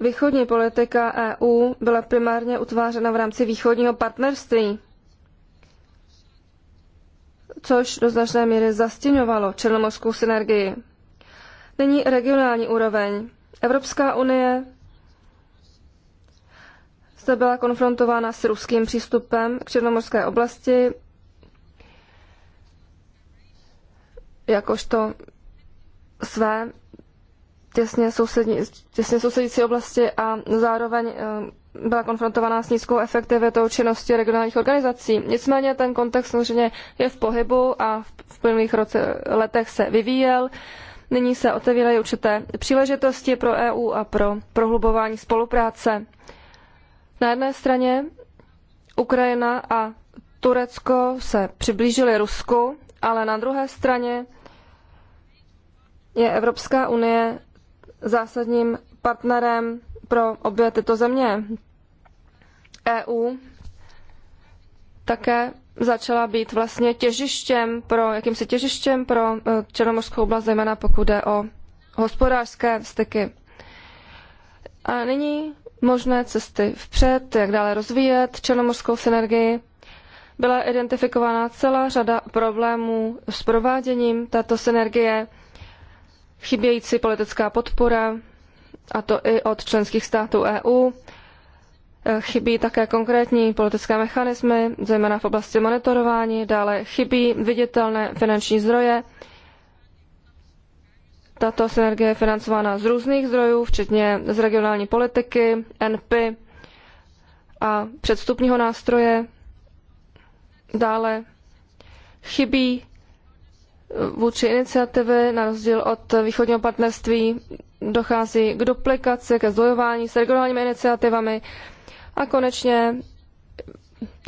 východní politika EU byla primárně utvářena v rámci východního partnerství, což do značné míry zastěňovalo černomorskou synergii. Nyní regionální úroveň. Evropská unie zde byla konfrontována s ruským přístupem k Černomorské oblasti, jakožto své těsně, sousední, těsně sousedící oblasti a zároveň eh, byla konfrontovaná s nízkou efektivitou činnosti regionálních organizací. Nicméně ten kontext samozřejmě je v pohybu a v plných letech se vyvíjel. Nyní se otevírají určité příležitosti pro EU a pro prohlubování spolupráce. Na jedné straně Ukrajina a Turecko se přiblížily Rusku, ale na druhé straně je Evropská unie zásadním partnerem pro obě tyto země. EU také začala být vlastně těžištěm pro, jakýmsi těžištěm pro e, Černomorskou oblast, zejména pokud jde o hospodářské styky. A nyní možné cesty vpřed, jak dále rozvíjet černomorskou synergii. Byla identifikována celá řada problémů s prováděním této synergie, chybějící politická podpora, a to i od členských států EU. Chybí také konkrétní politické mechanismy, zejména v oblasti monitorování, dále chybí viditelné finanční zdroje, tato synergie je financována z různých zdrojů, včetně z regionální politiky, NP a předstupního nástroje. Dále chybí vůči iniciativy, na rozdíl od východního partnerství, dochází k duplikaci, ke zdvojování s regionálními iniciativami a konečně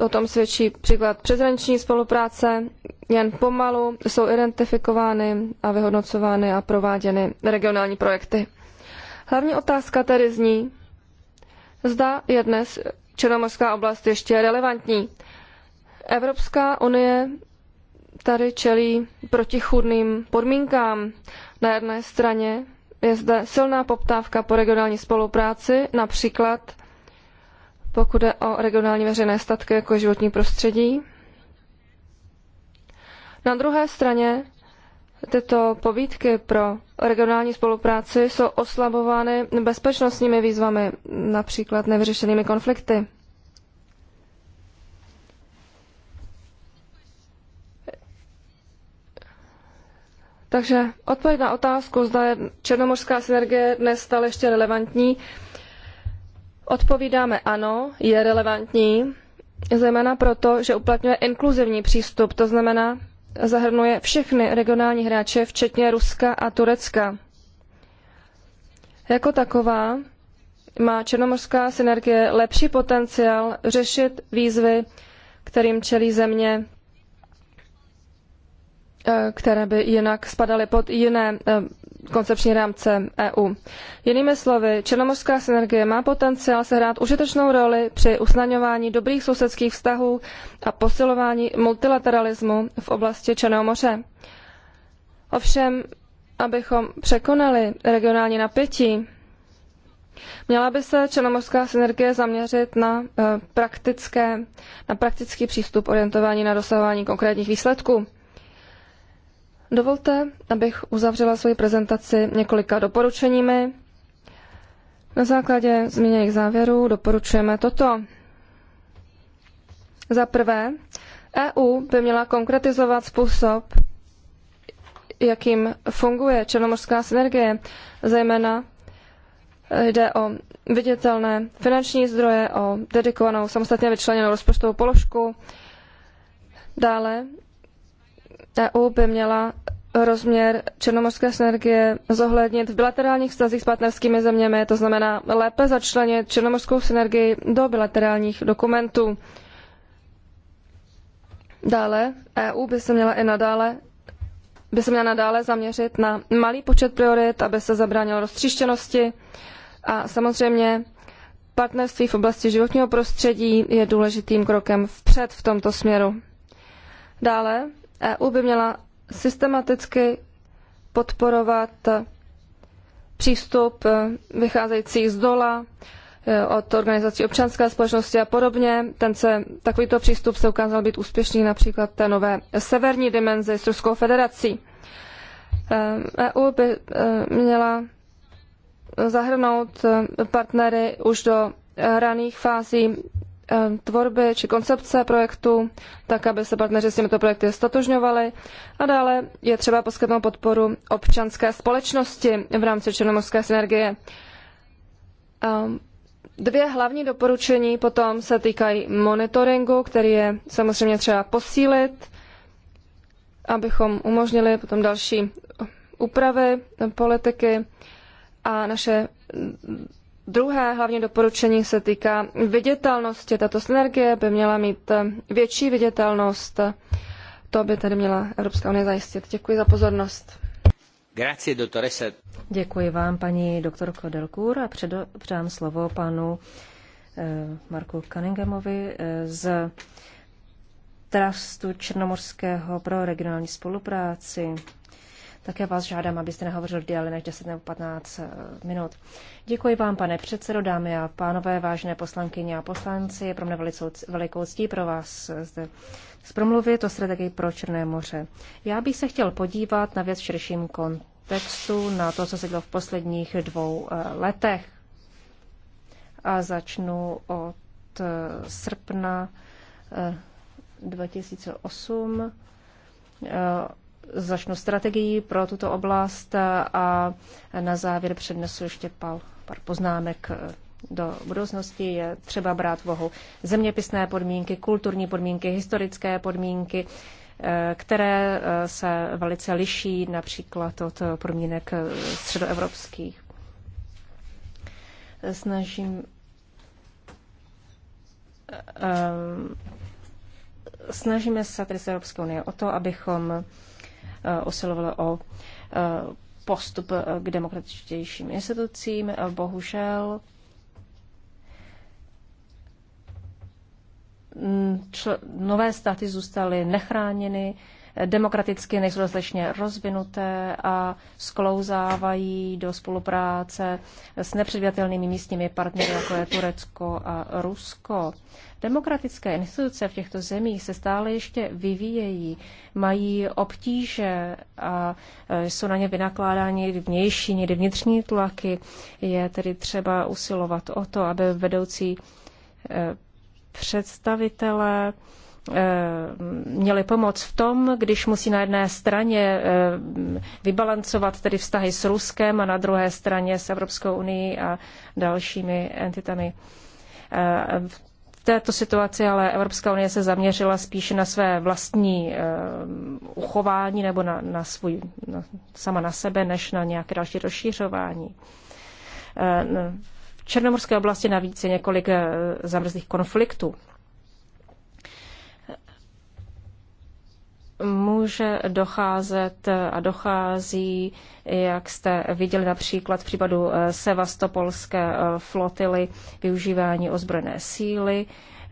o tom svědčí příklad přezranční spolupráce. Jen pomalu jsou identifikovány a vyhodnocovány a prováděny regionální projekty. Hlavní otázka tedy zní, zda je dnes Černomorská oblast ještě relevantní. Evropská unie tady čelí protichůdným podmínkám. Na jedné straně je zde silná poptávka po regionální spolupráci, například pokud je o regionální veřejné statky jako životní prostředí, na druhé straně tyto povídky pro regionální spolupráci jsou oslabovány bezpečnostními výzvami, například nevyřešenými konflikty. Takže odpověď na otázku, zda je černomořská synergie dnes stále ještě relevantní, Odpovídáme ano, je relevantní, zejména proto, že uplatňuje inkluzivní přístup, to znamená, zahrnuje všechny regionální hráče, včetně Ruska a Turecka. Jako taková má černomorská synergie lepší potenciál řešit výzvy, kterým čelí země, eh, které by jinak spadaly pod jiné eh, koncepční rámce EU. Jinými slovy, černomořská synergie má potenciál sehrát užitečnou roli při usnaňování dobrých sousedských vztahů a posilování multilateralismu v oblasti Černého moře. Ovšem, abychom překonali regionální napětí, Měla by se černomorská synergie zaměřit na, eh, praktické, na praktický přístup orientovaný na dosahování konkrétních výsledků. Dovolte, abych uzavřela svoji prezentaci několika doporučeními. Na základě zmíněných závěrů doporučujeme toto. Za prvé, EU by měla konkretizovat způsob, jakým funguje černomořská synergie, zejména jde o viditelné finanční zdroje, o dedikovanou samostatně vyčleněnou rozpočtovou položku. Dále EU by měla rozměr černomorské synergie zohlednit v bilaterálních vztazích s partnerskými zeměmi, to znamená lépe začlenit černomorskou synergii do bilaterálních dokumentů. Dále EU by se měla i nadále by se měla nadále zaměřit na malý počet priorit, aby se zabránilo roztříštěnosti a samozřejmě partnerství v oblasti životního prostředí je důležitým krokem vpřed v tomto směru. Dále EU by měla systematicky podporovat přístup vycházející z dola, e, od organizací občanské společnosti a podobně. Ten se, takovýto přístup se ukázal být úspěšný například té nové severní dimenze s Ruskou federací. EU e by e, měla zahrnout partnery už do raných fází Eh, tvorby či koncepce projektu, tak aby se partneři s těmito projekty statožňovali. A dále je třeba poskytnout podporu občanské společnosti v rámci černomorské synergie. Eh, dvě hlavní doporučení potom se týkají monitoringu, který je samozřejmě třeba posílit, abychom umožnili potom další úpravy politiky a naše Druhé hlavní doporučení se týká viditelnosti. Tato synergie by měla mít eh, větší viditelnost. To by tedy měla Evropská unie zajistit. Děkuji za pozornost. Grazie, Děkuji vám, paní doktorko Delkur, a předám slovo panu eh, Marku Cunninghamovi eh, z Trastu Černomorského pro regionální spolupráci. Také vás žádám, abyste nehovořil déle než 10 nebo 15 eh, minut. Děkuji vám, pane předsedo, dámy a pánové, vážné poslankyně a poslanci. Je pro mě velikou, velikou ctí pro vás eh, zde zpromluvit to strategii pro Černé moře. Já bych se chtěl podívat na věc v širším kontextu, na to, co se dělo v posledních dvou eh, letech. A začnu od srpna 2008 začnu strategii pro tuto oblast a na závěr přednesu ještě pár, pár poznámek do budoucnosti je třeba brát vohu zeměpisné podmínky, kulturní podmínky, historické podmínky, eh, které eh, se velice liší například od podmínek eh, středoevropských. Snažím snažíme se tedy z Evropské unie o to, abychom Eh, usilovalo o eh, postup eh, k demokratičtějším institucím. Bohužel mm, nové státy zůstaly nechráněny demokraticky nejsou dostatečně rozvinuté a sklouzávají do spolupráce s nepředvědatelnými místními partnery, jako je Turecko a Rusko. Demokratické instituce v těchto zemích se stále ještě vyvíjejí, mají obtíže a jsou na ně vynakládány vnější, někdy vnitřní tlaky. Je tedy třeba usilovat o to, aby vedoucí eh, představitelé Eh, měli pomoc v tom, když musí na jedné straně eh, vybalancovat tedy vztahy s Ruskem a na druhé straně s Evropskou unii a dalšími entitami. Eh, v této situaci ale Evropská unie se zaměřila spíše na své vlastní uchování nebo na, na svůj, na, sama na sebe, než na nějaké další rozšířování. V Černomorské oblasti navíc je několik zamrzlých konfliktů může docházet a dochází, jak jste viděli například v případu eh, sevastopolské eh, flotily, využívání ozbrojené síly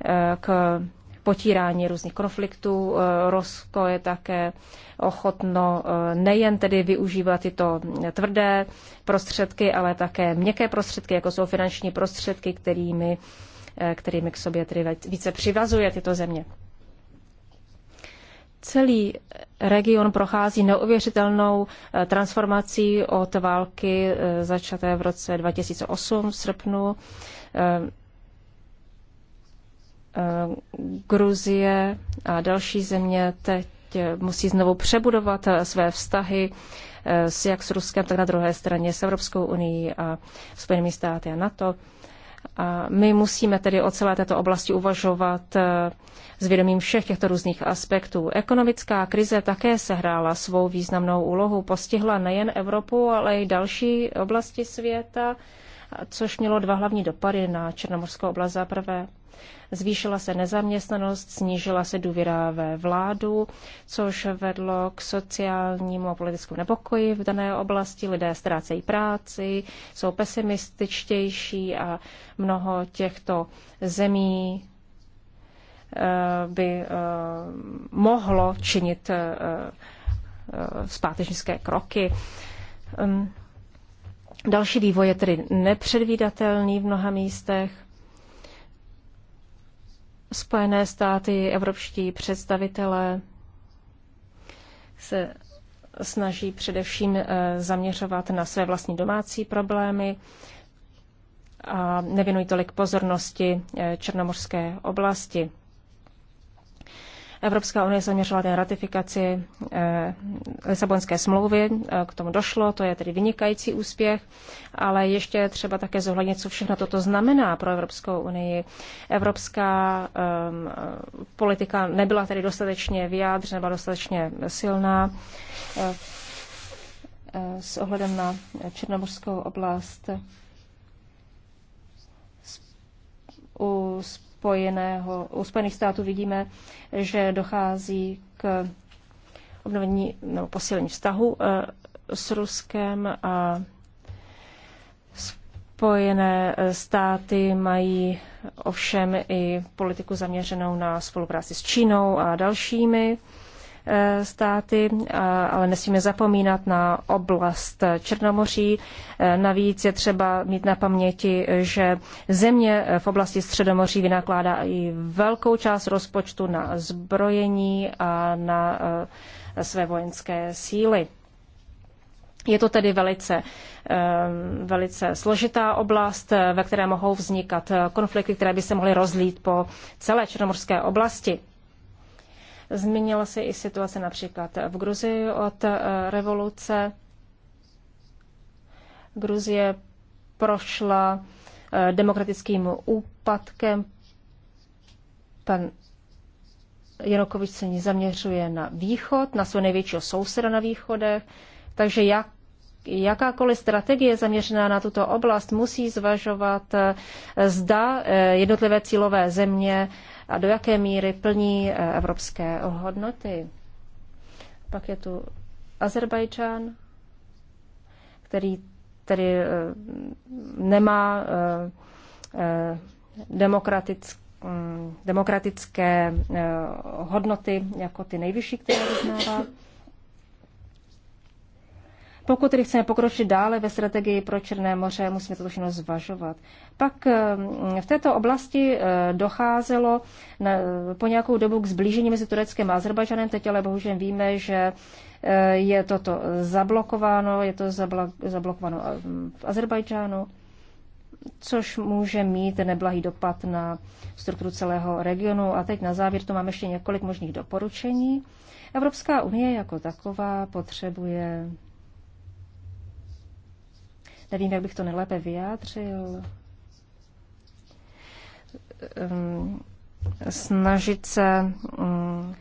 eh, k potírání různých konfliktů. Rusko je také ochotno nejen tedy využívat tyto tvrdé prostředky, ale také měkké prostředky, jako jsou finanční prostředky, kterými, kterými k sobě tedy více přivazuje tyto země. Celý region prochází neuvěřitelnou eh, transformací od války eh, začaté v roce 2008 v srpnu. Eh, Gruzie a další země teď musí znovu přebudovat své vztahy s jak s Ruskem, tak na druhé straně s Evropskou unii a Spojenými státy a NATO my musíme tedy o celé této oblasti uvažovat eh, s vědomím všech těchto různých aspektů. Ekonomická krize také sehrála svou významnou úlohu. Postihla nejen Evropu, ale i další oblasti světa, což mělo dva hlavní dopady na Černomorskou oblast. Za prvé, Zvýšila se nezaměstnanost, snížila se důvěra ve vládu, což vedlo k sociálnímu a politickému nepokoji v dané oblasti. Lidé ztrácejí práci, jsou pesimističtější a mnoho těchto zemí eh, by eh, mohlo činit eh, zpátečnické kroky. Ehm, další vývoj je tedy nepředvídatelný v mnoha místech Spojené státy, evropští představitelé se snaží především eh, zaměřovat na své vlastní domácí problémy a nevěnují tolik pozornosti eh, černomorské oblasti. Evropská unie zaměřila na ratifikaci eh, Lisabonské smlouvy, eh, k tomu došlo, to je tedy vynikající úspěch, ale ještě třeba také zohlednit, co všechno toto znamená pro Evropskou unii. Evropská eh, politika nebyla tedy dostatečně vyjádřena, nebyla dostatečně silná s ohledem na černomorskou oblast u spojeného, u Spojených států vidíme, že dochází k obnovení nebo posílení vztahu eh, s Ruskem a Spojené eh, státy mají ovšem i politiku zaměřenou na spolupráci s Čínou a dalšími Eh, státy, eh, ale nesmíme zapomínat na oblast Černomoří. Eh, navíc je třeba mít na paměti, že země v oblasti Středomoří vynakládá i velkou část rozpočtu na zbrojení a na své vojenské síly. Je to tedy velice, velice složitá oblast, ve které mohou vznikat konflikty, které by se mohly rozlít po celé černomorské oblasti. Zmínila se i situace například v Gruzii od eh, revoluce. Gruzie prošla eh, demokratickým úpadkem. Pan Janukovič se zaměřuje na východ, na svého největšího souseda na východech, takže jak jakákoliv strategie zaměřená na tuto oblast musí zvažovat, eh, zda jednotlivé cílové země a do jaké míry plní eh, evropské hodnoty. Pak je tu Azerbajdžán, který tedy eh, nemá eh, hm, demokratické demokratické hodnoty jako ty nejvyšší, které vyznává. Pokud tedy chceme pokročit dále ve strategii pro Černé moře, musíme to všechno zvažovat. Pak mm, v této oblasti eh, docházelo na, po nějakou dobu k zblížení mezi Tureckem a Azerbajdžanem. Teď ale bohužel víme, že eh, je toto zablokováno, je to zablokováno eh, v Azerbajdžánu, což může mít neblahý dopad na strukturu celého regionu. A teď na závěr tu máme ještě několik možných doporučení. Evropská unie jako taková potřebuje Nevím, jak bych to nejlépe vyjádřil. Ehm, snažit se mm,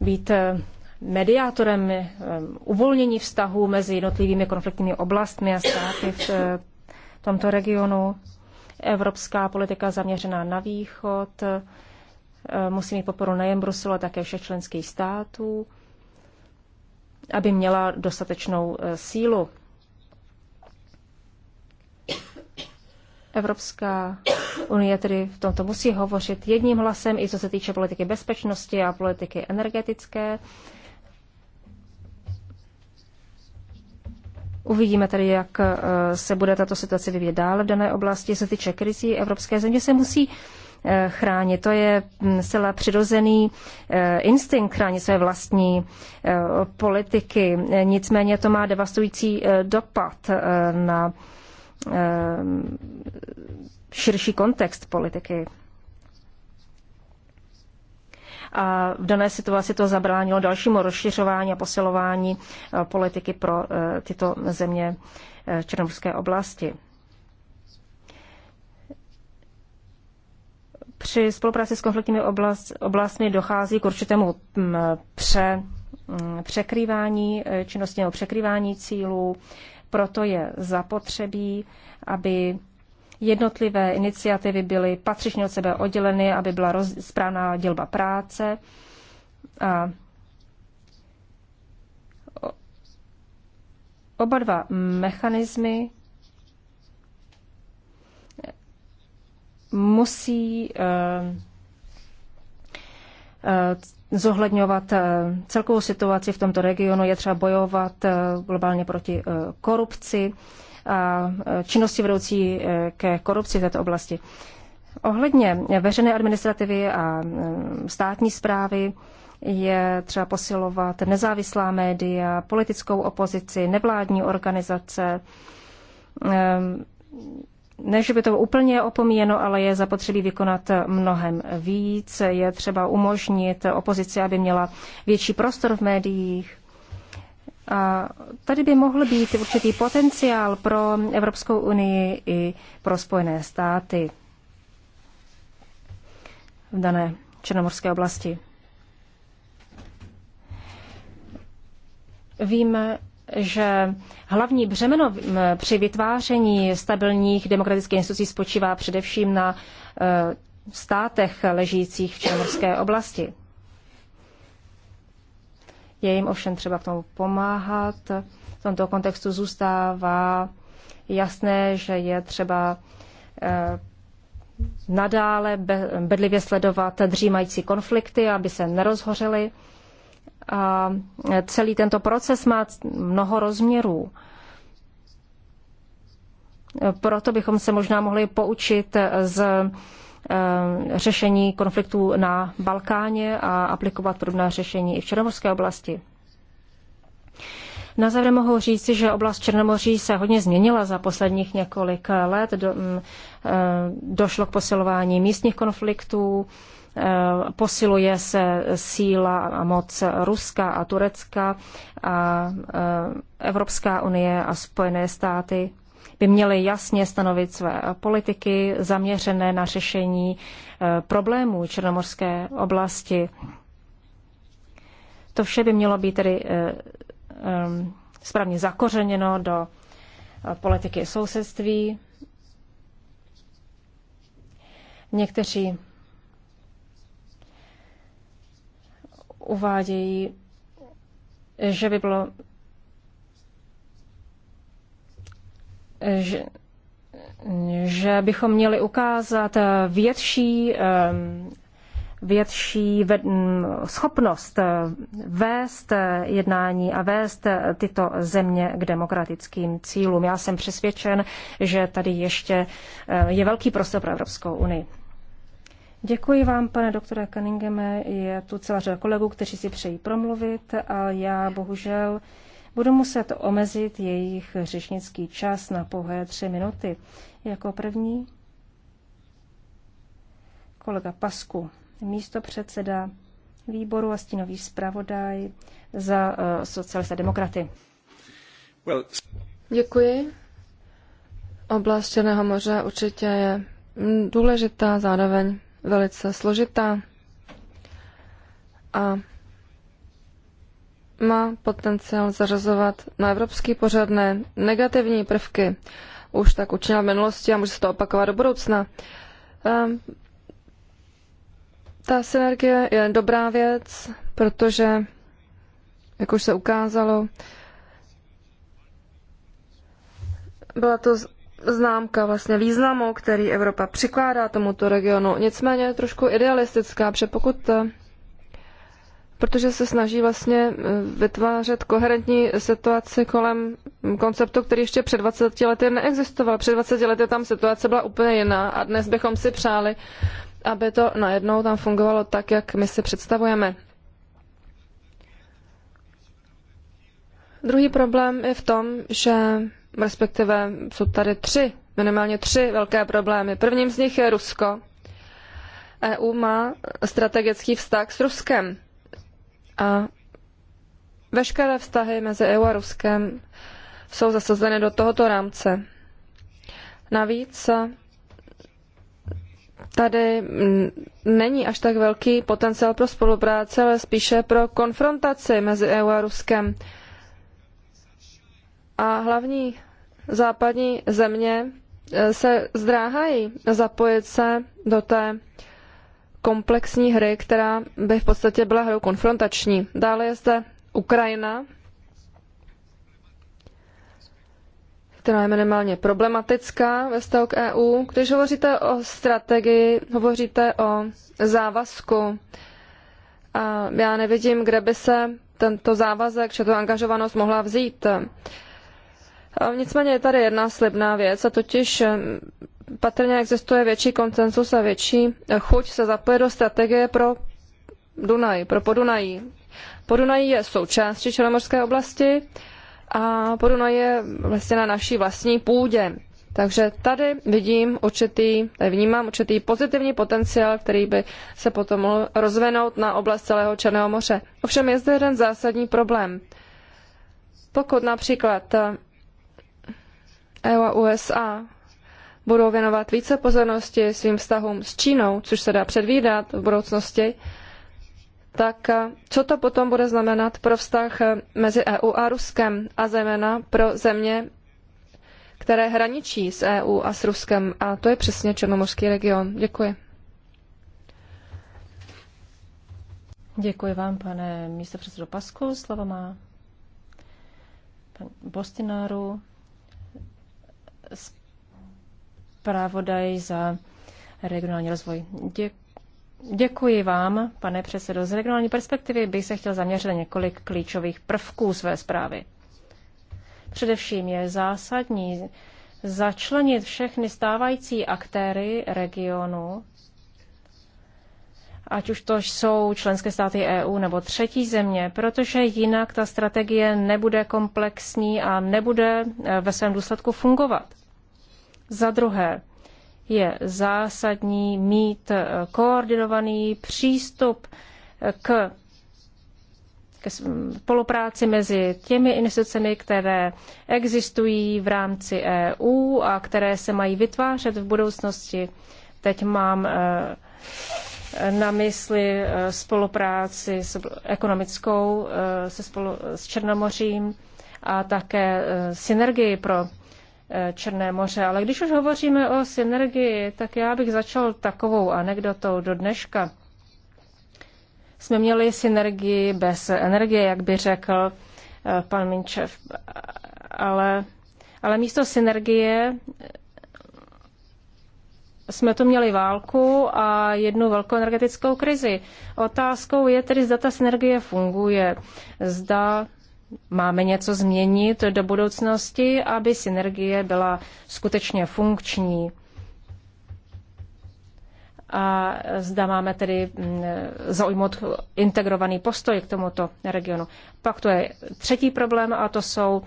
být eh, mediátorem eh, uvolnění vztahů mezi jednotlivými konfliktními oblastmi a státy v eh, tomto regionu. Evropská politika zaměřená na východ musí mít podporu nejen Bruselu, ale také všech členských států, aby měla dostatečnou sílu. Evropská unie tedy v tomto musí hovořit jedním hlasem, i co se týče politiky bezpečnosti a politiky energetické. Uvidíme tedy, jak eh, se bude tato situace vyvíjet dále v dané oblasti. Se týče krizí, evropské země se musí eh, chránit. To je mm, celá přirozený eh, instinkt chránit své vlastní politiky. Nicméně to má devastující dopad na Ehm, širší kontext politiky. A v dané situaci to zabránilo dalšímu rozšiřování a posilování eh, politiky pro eh, tyto země eh, Černovské oblasti. Při spolupráci s konfliktními oblast, oblastmi dochází k určitému mm, pře, mm, překrývání činnosti nebo překrývání cílů proto je zapotřebí, aby jednotlivé iniciativy byly patřičně od sebe odděleny, aby byla roz, správná dělba práce. A oba dva mechanismy musí uh, uh, zohledňovat eh, celkovou situaci v tomto regionu, je třeba bojovat eh, globálně proti eh, korupci a činnosti vedoucí ke korupci v této oblasti. Ohledně veřejné administrativy a státní zprávy je třeba posilovat nezávislá média, politickou opozici, nevládní organizace, ne, že by to úplně opomíjeno, ale je zapotřebí vykonat mnohem víc. Je třeba umožnit opozici, aby měla větší prostor v médiích. A tady by mohl být určitý potenciál pro Evropskou unii i pro Spojené státy v dané černomorské oblasti. Víme, že hlavní břemeno při vytváření stabilních demokratických institucí spočívá především na e, státech ležících v černovské oblasti. Je jim ovšem třeba k tomu pomáhat. V tomto kontextu zůstává jasné, že je třeba e, nadále bedlivě sledovat dřímající konflikty, aby se nerozhořely a celý tento proces má mnoho rozměrů. Proto bychom se možná mohli poučit z eh, řešení konfliktů na Balkáně a aplikovat podobná řešení i v Černomorské oblasti. Na závěr mohu říci, že oblast Černomoří se hodně změnila za posledních několik let. Do, mm, eh, došlo k posilování místních konfliktů, Eh, posiluje se síla a moc Ruska a Turecka a eh, Evropská unie a Spojené státy by měly jasně stanovit své politiky zaměřené na řešení eh, problémů černomorské oblasti. To vše by mělo být tedy správně zakořeněno do politiky sousedství. Někteří uvádějí, že by bylo že, že bychom měli ukázat větší, větší schopnost eh, vést eh, jednání a vést eh, tyto země k demokratickým cílům. Já jsem přesvědčen, že tady ještě je velký prostor pro Evropskou unii. Děkuji vám, pane doktore Cunninghame. Je tu celá řada kolegů, kteří si přejí promluvit a já bohužel budu muset omezit jejich řečnický čas na pouhé tři minuty. Jako první kolega Pasku, místo předseda výboru a stínový zpravodaj za uh, eh, socialista demokraty. Well. Děkuji. Oblast Černého moře určitě je mm, důležitá, zároveň velice složitá a má potenciál zařazovat na evropský pořadné negativní prvky. Už tak učinila v minulosti a může se to opakovat do budoucna. Ehm, ta synergie je dobrá věc, protože, jak už se ukázalo, byla to známka vlastně významu, který Evropa přikládá tomuto regionu. Nicméně je trošku idealistická, protože pokud eh, protože se snaží vlastně eh, vytvářet koherentní situaci kolem konceptu, který ještě před 20 lety neexistoval. Před 20 lety tam situace byla úplně jiná a dnes bychom si přáli, aby to najednou tam fungovalo tak, jak my si představujeme. Druhý problém je v tom, že respektive jsou tady tři, minimálně tři velké problémy. Prvním z nich je Rusko. EU má strategický vztah s Ruskem a veškeré vztahy mezi EU a Ruskem jsou zasazeny do tohoto rámce. Navíc tady není až tak velký potenciál pro spolupráci, ale spíše pro konfrontaci mezi EU a Ruskem. A hlavní západní země eh, se zdráhají zapojit se do té komplexní hry, která by v podstatě byla hrou konfrontační. Dále je zde Ukrajina, která je minimálně problematická ve vztahu k EU. Když hovoříte o strategii, hovoříte o závazku. A já nevidím, kde by se tento závazek, či to angažovanost mohla vzít. Nicméně je tady jedna slibná věc a totiž eh, patrně existuje větší koncensus a větší eh, chuť se zapojit do strategie pro Dunaj, pro Podunají. Podunají je součástí Černomorské oblasti a Podunaj je vlastně na naší vlastní půdě. Takže tady vidím určitý, tady vnímám určitý pozitivní potenciál, který by se potom mohl rozvinout na oblast celého Černého moře. Ovšem je zde jeden zásadní problém. Pokud například eh, EU a USA budou věnovat více pozornosti svým vztahům s Čínou, což se dá předvídat v budoucnosti, tak e, co to potom bude znamenat pro vztah e, mezi EU a Ruskem a zejména pro země, které hraničí s EU a s Ruskem. A to je přesně Černomorský region. Děkuji. Děkuji vám, pane místopředsedo Pasku. Slovo má pan zpravodaj za regionální rozvoj. Děkuji vám, pane předsedo. Z regionální perspektivy bych se chtěl zaměřit na několik klíčových prvků své zprávy. Především je zásadní začlenit všechny stávající aktéry regionu, ať už to jsou členské státy EU nebo třetí země, protože jinak ta strategie nebude komplexní a nebude eh, ve svém důsledku fungovat. Za druhé, je zásadní mít eh, koordinovaný přístup eh, k, ke spolupráci mezi těmi institucemi, které existují v rámci EU a které se mají vytvářet v budoucnosti. Teď mám eh, na mysli spolupráci s ekonomickou se spolu, s Černomořím a také synergii pro Eh, Černé moře. Ale když už hovoříme o synergii, tak já bych začal takovou anekdotou do dneška. Jsme měli synergii bez energie, jak by řekl eh, pan Minčev. Ale, ale místo synergie eh, jsme tu měli válku a jednu velkou energetickou krizi. Otázkou je tedy, zda ta synergie funguje, zda máme něco změnit do budoucnosti, aby synergie byla skutečně funkční. A zda máme tedy mm, zaujmout integrovaný postoj k tomuto regionu. Pak to je třetí problém a to jsou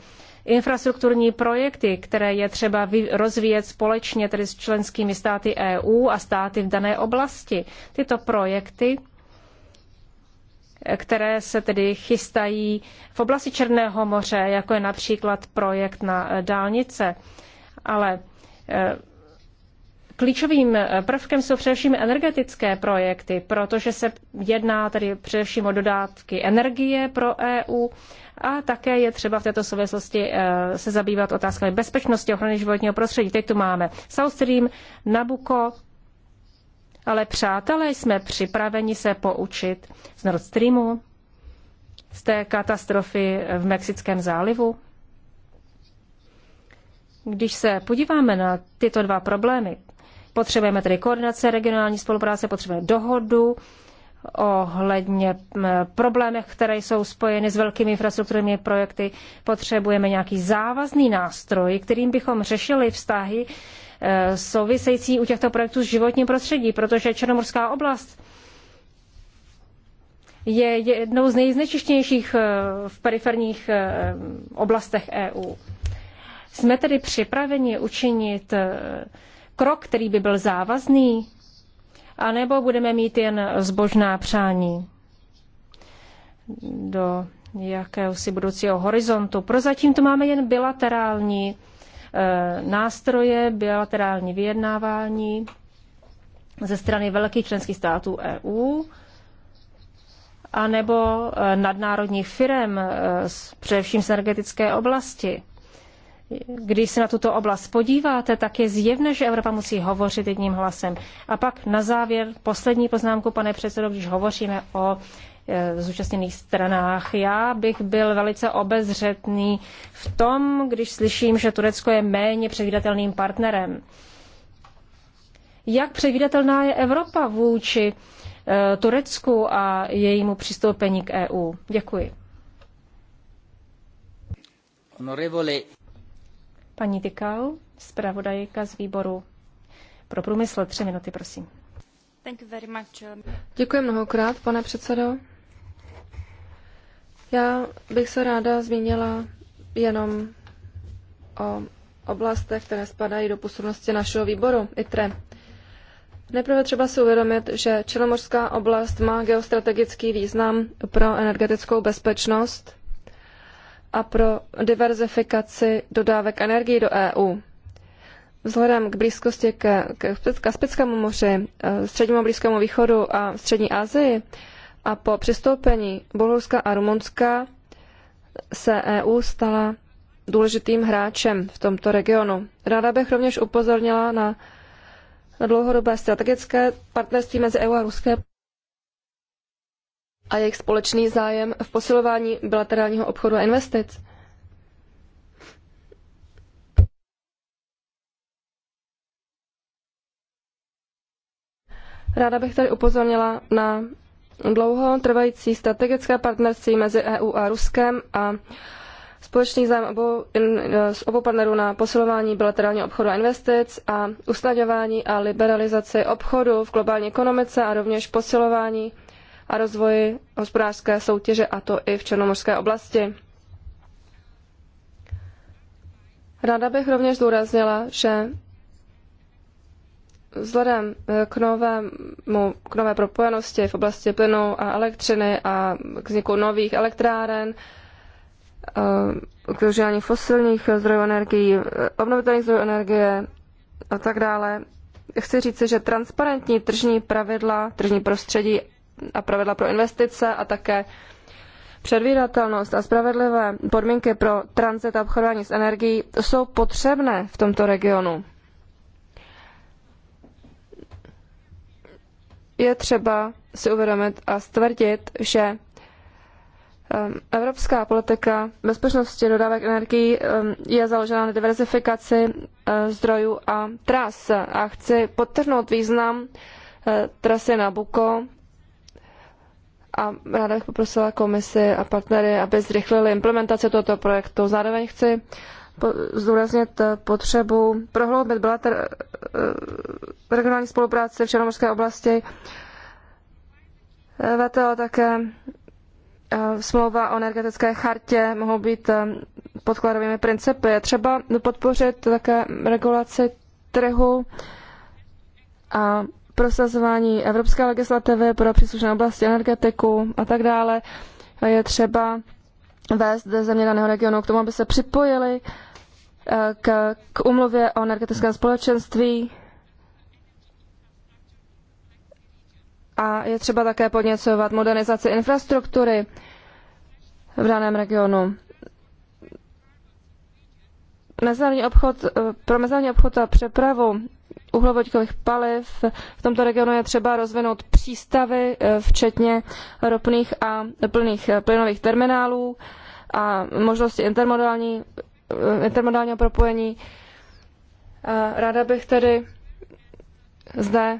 infrastrukturní projekty, které je třeba rozvíjet společně tedy s členskými státy EU a státy v dané oblasti. Tyto projekty které se tedy chystají v oblasti Černého moře, jako je například projekt na eh, dálnice. Ale eh, klíčovým eh, prvkem jsou především energetické projekty, protože se jedná tedy především o dodávky energie pro EU a také je třeba v této souvislosti se zabývat otázkami bezpečnosti ochrany životního prostředí. Teď tu máme South Stream, Nabucco, ale přátelé, jsme připraveni se poučit z Nord Streamu, z té katastrofy v Mexickém zálivu. Když se podíváme na tyto dva problémy, potřebujeme tedy koordinace regionální spolupráce, potřebujeme dohodu ohledně problémech, které jsou spojeny s velkými infrastrukturními projekty. Potřebujeme nějaký závazný nástroj, kterým bychom řešili vztahy Eh, související u těchto projektů s životním prostředí, protože Černomorská oblast je jednou z nejznečištěnějších eh, v periferních eh, oblastech EU. Jsme tedy připraveni učinit krok, který by byl závazný, anebo budeme mít jen zbožná přání do jakéhosi budoucího horizontu. Prozatím to máme jen bilaterální Eh, nástroje bilaterální vyjednávání ze strany velkých členských států EU anebo eh, nadnárodních firm, eh, především z energetické oblasti. Když se na tuto oblast podíváte, tak je zjevné, že Evropa musí hovořit jedním hlasem. A pak na závěr poslední poznámku, pane předsedo, když hovoříme o e, zúčastněných stranách. Já bych byl velice obezřetný v tom, když slyším, že Turecko je méně předvídatelným partnerem. Jak předvídatelná je Evropa vůči e, Turecku a jejímu přistoupení k EU? Děkuji. Paní Tykau, zpravodajka z výboru pro průmysl. Tři minuty, prosím. Uh, Děkuji mnohokrát, pane předsedo. Já bych se ráda zmínila jenom o oblastech, které spadají do působnosti našeho výboru ITRE. Nejprve třeba si uvědomit, že čelomorská oblast má geostrategický význam pro energetickou bezpečnost a pro diverzifikaci dodávek energií do EU. Vzhledem k blízkosti k, k Kaspickému moři, eh, střednímu Blízkému východu a střední Asii a po přistoupení Bulharska a Rumunska se EU stala důležitým hráčem v tomto regionu. Ráda bych rovněž upozornila na, na dlouhodobé strategické partnerství mezi EU a Ruskem a jejich společný zájem v posilování bilaterálního obchodu a investic. Ráda bych tady upozornila na dlouho trvající strategické partnerství mezi EU a Ruskem a společný zájem obou, in, eh, s obou partnerů na posilování bilaterálního obchodu a investic a usnadňování a liberalizaci obchodu v globální ekonomice a rovněž posilování a rozvoji hospodářské soutěže, a to i v Černomorské oblasti. Ráda bych rovněž zdůraznila, že vzhledem eh, k, novému, k nové propojenosti v oblasti plynu a elektřiny a k vzniku nových elektráren, eh, k využívání fosilních zdrojů energií, eh, obnovitelných zdrojů energie a tak dále. Chci říct, že transparentní tržní pravidla, tržní prostředí a pravidla pro investice a také předvídatelnost a spravedlivé podmínky pro tranzit a obchodování s energií jsou potřebné v tomto regionu. Je třeba si uvědomit a stvrdit, že um, Evropská politika bezpečnosti dodávek energií um, je založena na diverzifikaci uh, zdrojů a tras. A chci podtrhnout význam uh, trasy Nabuko a ráda bych poprosila komisi a partnery, aby zrychlili implementaci tohoto projektu. Zároveň chci zdůraznit potřebu prohloubit bilater, eh, regionální spolupráci v Černomorské oblasti. Eh, VTO také eh, smlouva o energetické chartě mohou být podkladovými principy. Je třeba podpořit také regulaci trhu a prosazování evropské legislativy pro příslušné oblasti energetiku a tak dále. Je třeba vést země daného regionu k tomu, aby se připojili eh, k, k umluvě o energetickém společenství a je třeba také podněcovat modernizaci infrastruktury v daném regionu. Mezinárodní obchod, eh, pro mezinárodní obchod a přepravu uhlovodíkových paliv. V tomto regionu je třeba rozvinout přístavy, eh, včetně ropných a plných eh, plynových terminálů a možnosti intermodální, eh, intermodálního propojení. Ráda bych tedy zde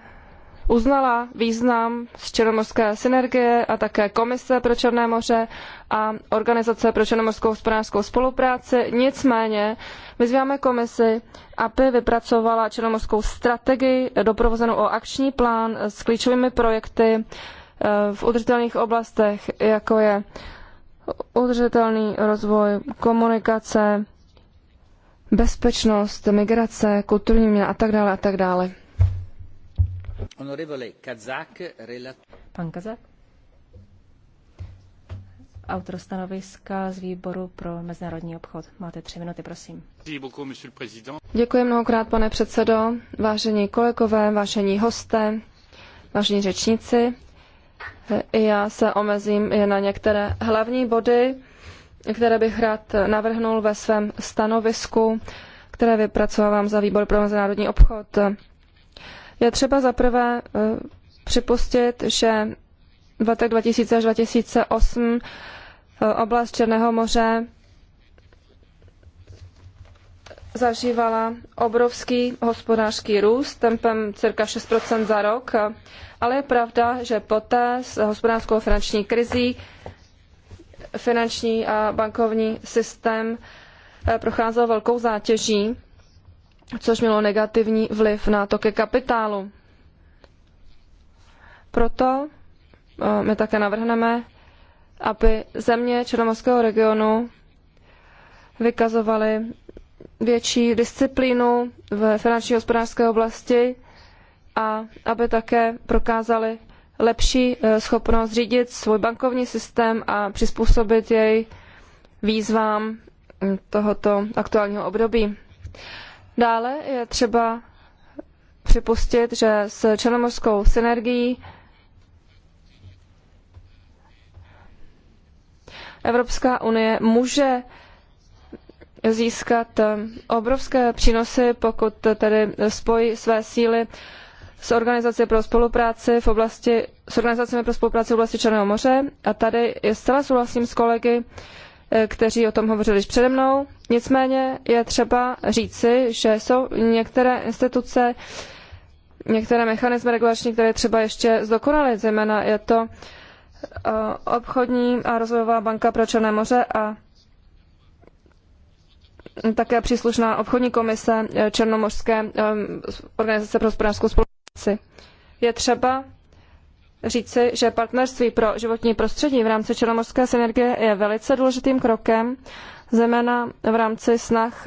uznala význam z Černomorské synergie a také Komise pro Černé moře a Organizace pro černomorskou hospodářskou spolupráci. Nicméně vyzýváme komisi, aby vypracovala černomorskou strategii doprovozenou o akční plán s klíčovými projekty eh, v udržitelných oblastech, jako je udržitelný rozvoj, komunikace, bezpečnost, migrace, kulturní měna a tak dále a tak dále. Honorevole Kazak, Pan Kazak? Autor stanoviska z výboru pro mezinárodní obchod. Máte tři minuty, prosím. Děkuji mnohokrát, pane předsedo, vážení kolegové, vážení hosté, vážení řečníci. Já se omezím jen na některé hlavní body, které bych rád navrhnul ve svém stanovisku, které vypracovávám za výbor pro mezinárodní obchod. Je třeba zaprvé eh, připustit, že v letech 2000 až 2008 eh, oblast Černého moře zažívala obrovský hospodářský růst tempem cirka 6 za rok, ale je pravda, že poté s hospodářskou finanční krizí finanční a bankovní systém eh, procházel velkou zátěží což mělo negativní vliv na toky kapitálu. Proto eh, my také navrhneme, aby země Černomorského regionu vykazovaly větší disciplínu v finanční hospodářské oblasti a aby také prokázali lepší eh, schopnost řídit svůj bankovní systém a přizpůsobit jej výzvám mm, tohoto aktuálního období. Dále je třeba připustit, že s černomorskou synergií Evropská unie může získat eh, obrovské přínosy, pokud tedy spojí své síly s organizací pro spolupráci v oblasti, s organizacemi pro spolupráci v oblasti Černého moře. A tady zcela souhlasím s kolegy, kteří o tom hovořili již přede mnou. Nicméně je třeba říci, že jsou některé instituce, některé mechanismy regulační, které třeba ještě zdokonalit, zejména je to eh, obchodní a rozvojová banka pro Černé moře a také příslušná obchodní komise eh, Černomořské eh, organizace pro hospodářskou spolupráci. Je třeba říci, že partnerství pro životní prostředí v rámci Černomorské synergie je velice důležitým krokem, zejména v rámci snah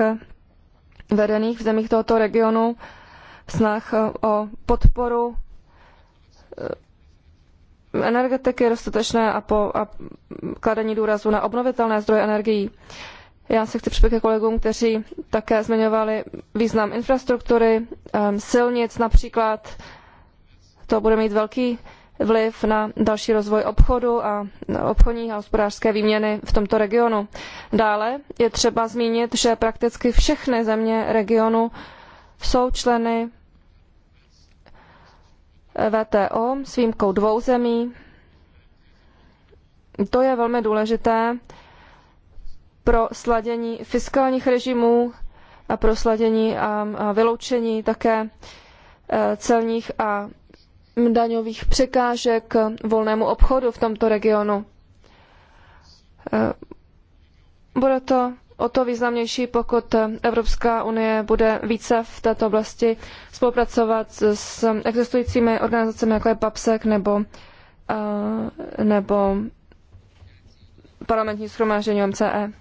vedených v zemích tohoto regionu, snah o podporu eh, energetiky dostatečné a, po, a kladení důrazu na obnovitelné zdroje energií. Já se chci připojit ke kolegům, kteří také zmiňovali význam infrastruktury, eh, silnic například. To bude mít velký vliv na další rozvoj obchodu a obchodní a hospodářské výměny v tomto regionu. Dále je třeba zmínit, že prakticky všechny země regionu jsou členy e VTO s výjimkou dvou zemí. To je velmi důležité pro sladění fiskálních režimů a pro sladění a vyloučení také e, celních a daňových překážek volnému obchodu v tomto regionu. Eh, bude to o to významnější, pokud Evropská unie bude více v této oblasti spolupracovat s existujícími organizacemi, jako je PAPSEC nebo, eh, nebo parlamentní schromáždění OMCE.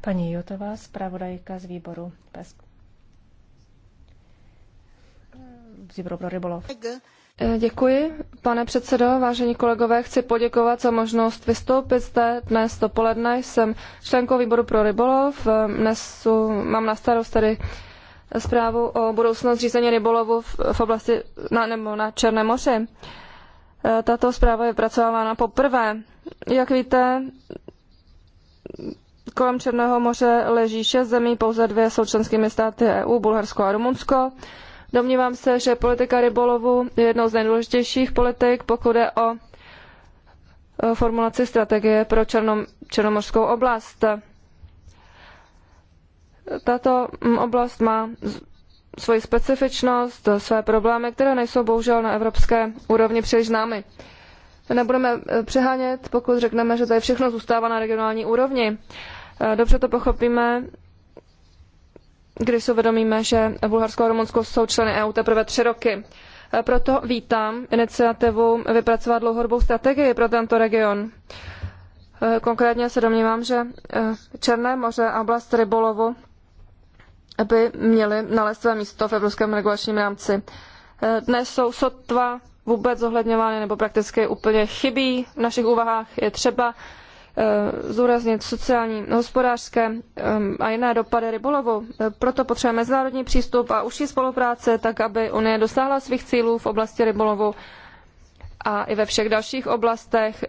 Paní Jotová, zpravodajka z výboru PESK. pro rybolov. E, děkuji, pane předsedo, vážení kolegové. Chci poděkovat za možnost vystoupit zde dnes dopoledne. Jsem členkou výboru pro rybolov. E, dnes mám na starost tedy zprávu o budoucnosti řízení rybolovu v, oblasti na, nebo na Černém moři. E, tato zpráva je pracována poprvé. Jak víte, kolem Černého moře leží šest zemí, pouze dvě jsou členskými státy EU, Bulharsko a Rumunsko. Domnívám se, že politika rybolovu je jednou z nejdůležitějších politik, pokud je o eh, formulaci strategie pro černom, černomorskou oblast. Tato mm, oblast má svoji specifičnost, své problémy, které nejsou bohužel na evropské úrovni příliš známy. Nebudeme eh, přehánět, pokud řekneme, že tady všechno zůstává na regionální úrovni. Eh, dobře to pochopíme, když si uvědomíme, že Bulharsko a Rumunsko jsou členy EU teprve tři roky. Proto vítám iniciativu vypracovat dlouhodobou strategii pro tento region. Konkrétně se domnívám, že eh, Černé moře a oblast rybolovu by měly nalézt své místo v Evropském regulačním rámci. Eh, dnes jsou sotva vůbec zohledňovány nebo prakticky úplně chybí v našich úvahách. Je třeba Eh, zúraznit sociální, hospodářské eh, a jiné dopady rybolovu. Eh, proto potřebujeme mezinárodní přístup a užší spolupráce, tak aby Unie dosáhla svých cílů v oblasti rybolovu a i ve všech dalších oblastech,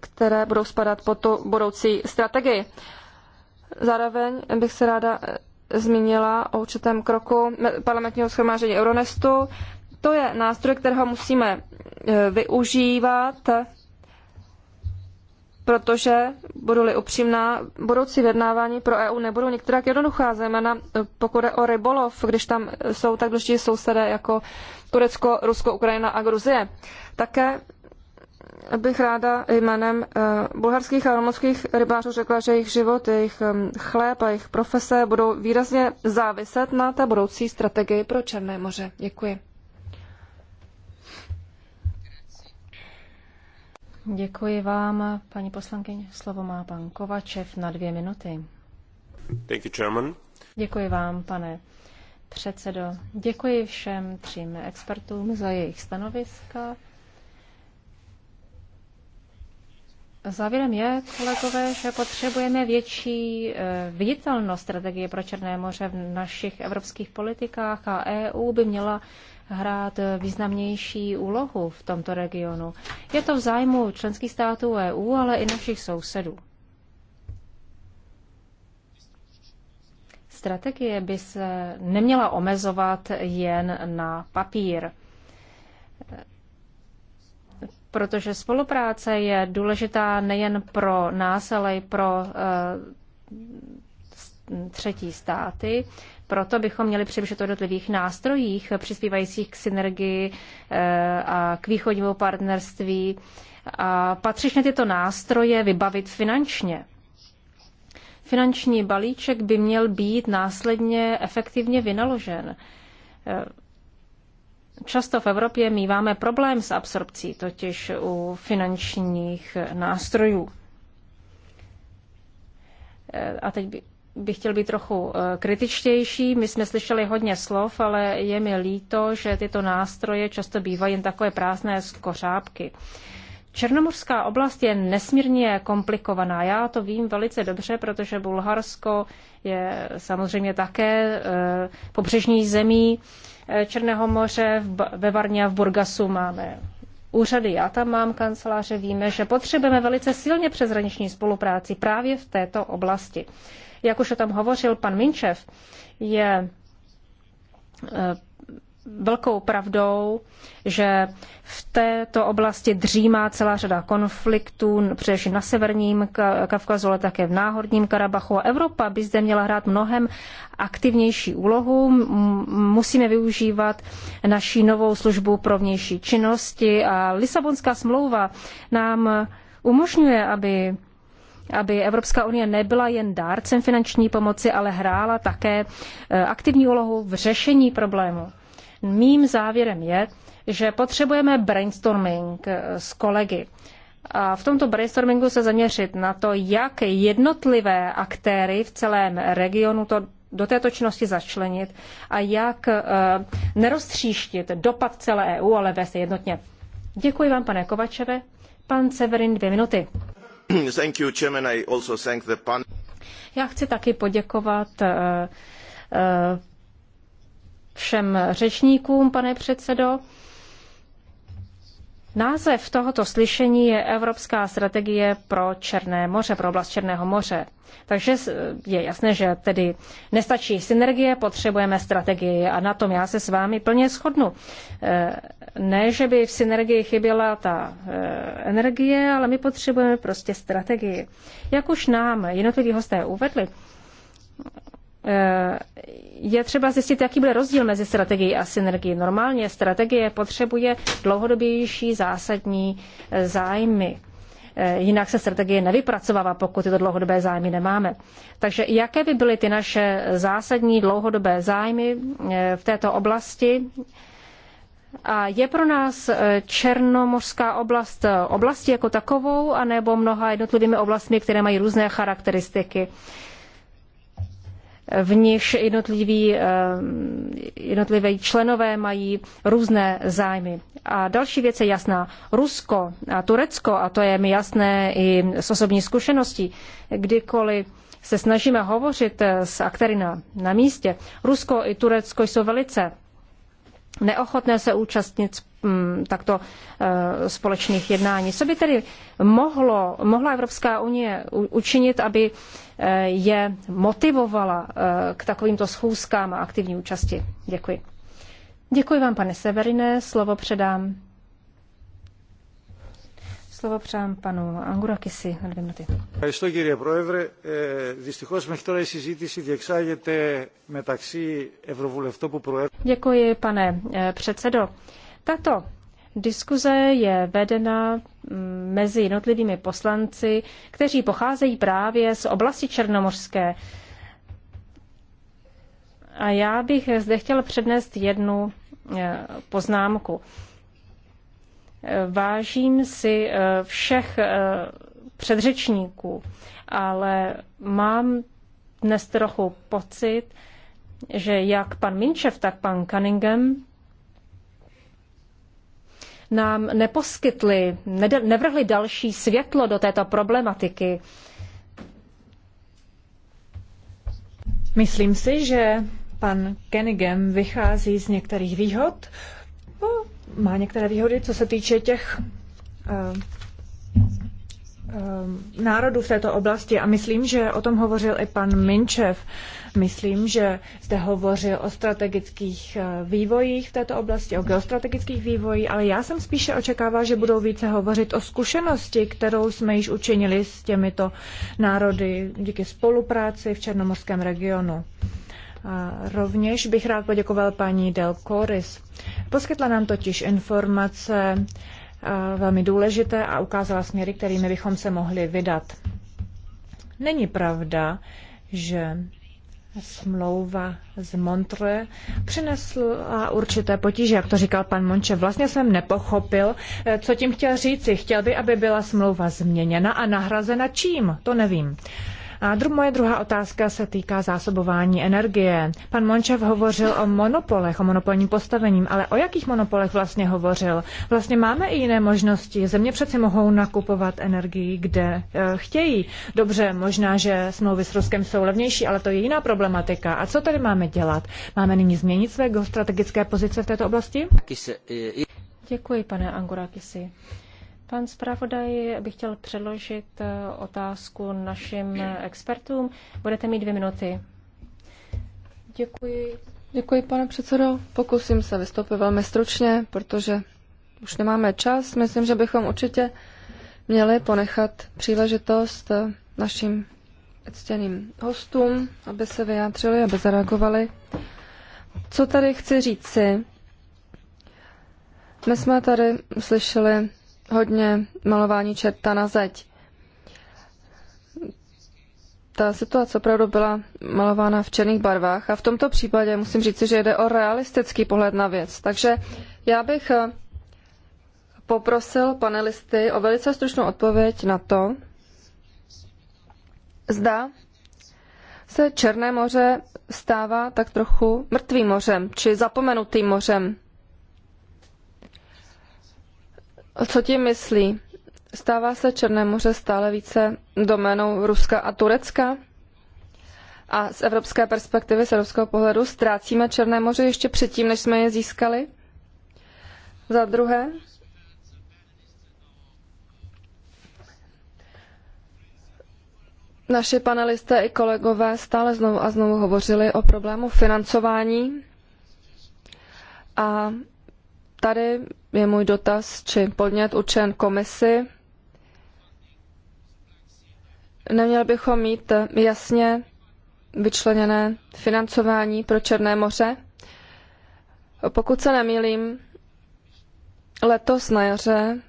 které budou spadat pod tu budoucí strategii. Zároveň bych se ráda zmínila o určitém kroku parlamentního schromáždění Euronestu. To je nástroj, kterého musíme využívat protože, budu-li upřímná, budoucí vědnávání pro EU nebudou některak jednoduchá, zejména eh, pokud je o rybolov, když tam jsou tak důležití sousedé jako Turecko, Rusko, Ukrajina a Gruzie. Také bych ráda jménem eh, bulharských a romovských rybářů řekla, že jejich život, jejich eh, chléb a jejich profese budou výrazně záviset na té budoucí strategii pro Černé moře. Děkuji. Děkuji vám, paní poslankyně. Slovo má pan Kovačev na dvě minuty. Thank you, Chairman. Děkuji vám, pane předsedo. Děkuji všem třím expertům za jejich stanoviska. Závěrem je, kolegové, že potřebujeme větší eh, viditelnost strategie pro Černé moře v našich evropských politikách a EU by měla hrát významnější úlohu v tomto regionu. Je to v zájmu členských států EU, ale i našich sousedů. Strategie by se neměla omezovat jen na papír protože spolupráce je důležitá nejen pro nás, ale i pro eh, třetí státy. Proto bychom měli přemýšlet o jednotlivých nástrojích přispívajících k synergii eh, a k východnímu partnerství a patřičně tyto nástroje vybavit finančně. Finanční balíček by měl být následně efektivně vynaložen. Eh, Často v Evropě míváme problém s absorpcí, totiž u finančních nástrojů. Eh, a teď bych chtěl být trochu eh, kritičtější. My jsme slyšeli hodně slov, ale je mi líto, že tyto nástroje často bývají jen takové prázdné skořápky. Černomorská oblast je nesmírně komplikovaná. Já to vím velice dobře, protože Bulharsko je samozřejmě také eh, pobřežní zemí eh, Černého moře. Ve Varně a v Burgasu máme úřady, já tam mám kanceláře, víme, že potřebujeme velice silně přezraniční spolupráci právě v této oblasti. Jak už o tom hovořil pan Minčev, je eh, velkou pravdou, že v této oblasti dřímá celá řada konfliktů, především na severním Kavkazu, ale také v náhorním Karabachu. Evropa by zde měla hrát mnohem aktivnější úlohu. Musíme využívat naší novou službu pro vnější činnosti a Lisabonská smlouva nám umožňuje, aby aby Evropská unie nebyla jen dárcem finanční pomoci, ale hrála také eh, aktivní úlohu v řešení problému. Mým závěrem je, že potřebujeme brainstorming eh, s kolegy. A v tomto brainstormingu se zaměřit na to, jak jednotlivé aktéry v celém regionu to do této činnosti začlenit a jak eh, neroztříštit dopad celé EU, ale vést jednotně. Děkuji vám, pane Kovačeve. Pan Severin, dvě minuty. Thank you, Chairman. I also thank the pan... Já chci taky poděkovat eh, všem řečníkům, pane předsedo. Název tohoto slyšení je Evropská strategie pro Černé moře, pro oblast Černého moře. Takže je jasné, že tedy nestačí synergie, potřebujeme strategii a na tom já se s vámi plně shodnu. Eh, ne, že by v synergii chyběla ta eh, energie, ale my potřebujeme prostě strategii. Jak už nám jednotliví hosté uvedli, Eh, je třeba zjistit, jaký bude rozdíl mezi strategií a synergií. Normálně strategie potřebuje dlouhodobější zásadní eh, zájmy. Eh, jinak se strategie nevypracovává, pokud tyto dlouhodobé zájmy nemáme. Takže jaké by byly ty naše zásadní dlouhodobé zájmy v této oblasti? A je pro nás černomořská oblast oblastí jako takovou, anebo mnoha jednotlivými oblastmi, které mají různé charakteristiky? v nichž jednotliví, eh, jednotlivé členové mají různé zájmy. A další věc je jasná. Rusko a Turecko, a to je mi jasné i z osobní zkušenosti, kdykoliv se snažíme hovořit s aktéry na, na místě, Rusko i Turecko jsou velice neochotné se účastnit mm, takto eh, společných jednání. Co by tedy mohlo, mohla Evropská unie učinit, aby eh, je motivovala eh, k takovýmto schůzkám a aktivní účasti? Děkuji. Děkuji vám, pane Severine. Slovo předám Slovo přám panu Angurakisi na dvě minuty. Ευχαριστώ κύριε Πρόεδρε. Ε, δυστυχώς μέχρι τώρα η συζήτηση διεξάγεται μεταξύ Ευρωβουλευτών που προέρχονται. Děkuji pane předsedo. Tato diskuze je vedena mm, mezi jednotlivými poslanci, kteří pocházejí právě z oblasti Černomorské. A já bych zde chtěl přednést jednu e, poznámku. Vážím si eh, všech eh, předřečníků, ale mám dnes trochu pocit, že jak pan Minčev, tak pan Cunningham nám neposkytli, nevrhli další světlo do této problematiky. Myslím si, že pan Cunningham vychází z některých výhod, má některé výhody, co se týče těch eh, eh, národů v této oblasti a myslím, že o tom hovořil i pan Minčev. Myslím, že zde hovořil o strategických eh, vývojích v této oblasti, o geostrategických vývojích, ale já jsem spíše očekával, že budou více hovořit o zkušenosti, kterou jsme již učinili s těmito národy díky spolupráci v Černomorském regionu. Rovněž bych rád poděkoval paní Del Coris. Poskytla nám totiž informace velmi důležité a ukázala směry, kterými bychom se mohli vydat. Není pravda, že smlouva z Montre přinesla určité potíže, jak to říkal pan Monče. Vlastně jsem nepochopil, e, co tím chtěl říci. Chtěl by, aby byla smlouva změněna a nahrazena čím? To nevím. Uh, a dru, moje druhá otázka se týká zásobování energie. Pan Mončev hovořil o monopolech, o monopolním postavením, ale o jakých monopolech vlastně hovořil? Vlastně máme i jiné možnosti. Země přeci mohou nakupovat energii, kde e, chtějí. Dobře, možná, že smlouvy s Ruskem jsou levnější, ale to je jiná problematika. A co tady máme dělat? Máme nyní změnit své strategické pozice v této oblasti? Eh, Děkuji, pane Angurakisi. Pan zpravodaj bych chtěl předložit eh, otázku našim expertům. Budete mít dvě minuty. Děkuji. Děkuji, pane předsedo. Pokusím se vystoupit velmi stručně, protože už nemáme čas. Myslím, že bychom určitě měli ponechat příležitost eh, našim ctěným hostům, aby se vyjádřili, aby zareagovali. Co tady chci říci? My jsme tady slyšeli hodně malování čerta na zeď. Ta situace opravdu byla malována v černých barvách a v tomto případě musím říci, že jde o realistický pohled na věc. Takže já bych eh, poprosil panelisty o velice stručnou odpověď na to, zda se Černé moře stává tak trochu mrtvým mořem či zapomenutým mořem co tím myslí? Stává se Černé moře stále více doménou Ruska a Turecka? A z evropské perspektivy, z evropského pohledu, ztrácíme Černé moře ještě předtím, než jsme je získali? Za druhé, naši panelisté i kolegové stále znovu a znovu hovořili o problému financování a Tady je můj dotaz či podnět učen komisi. Neměli bychom mít jasně vyčleněné financování pro Černé moře? Pokud se nemýlím, letos na jaře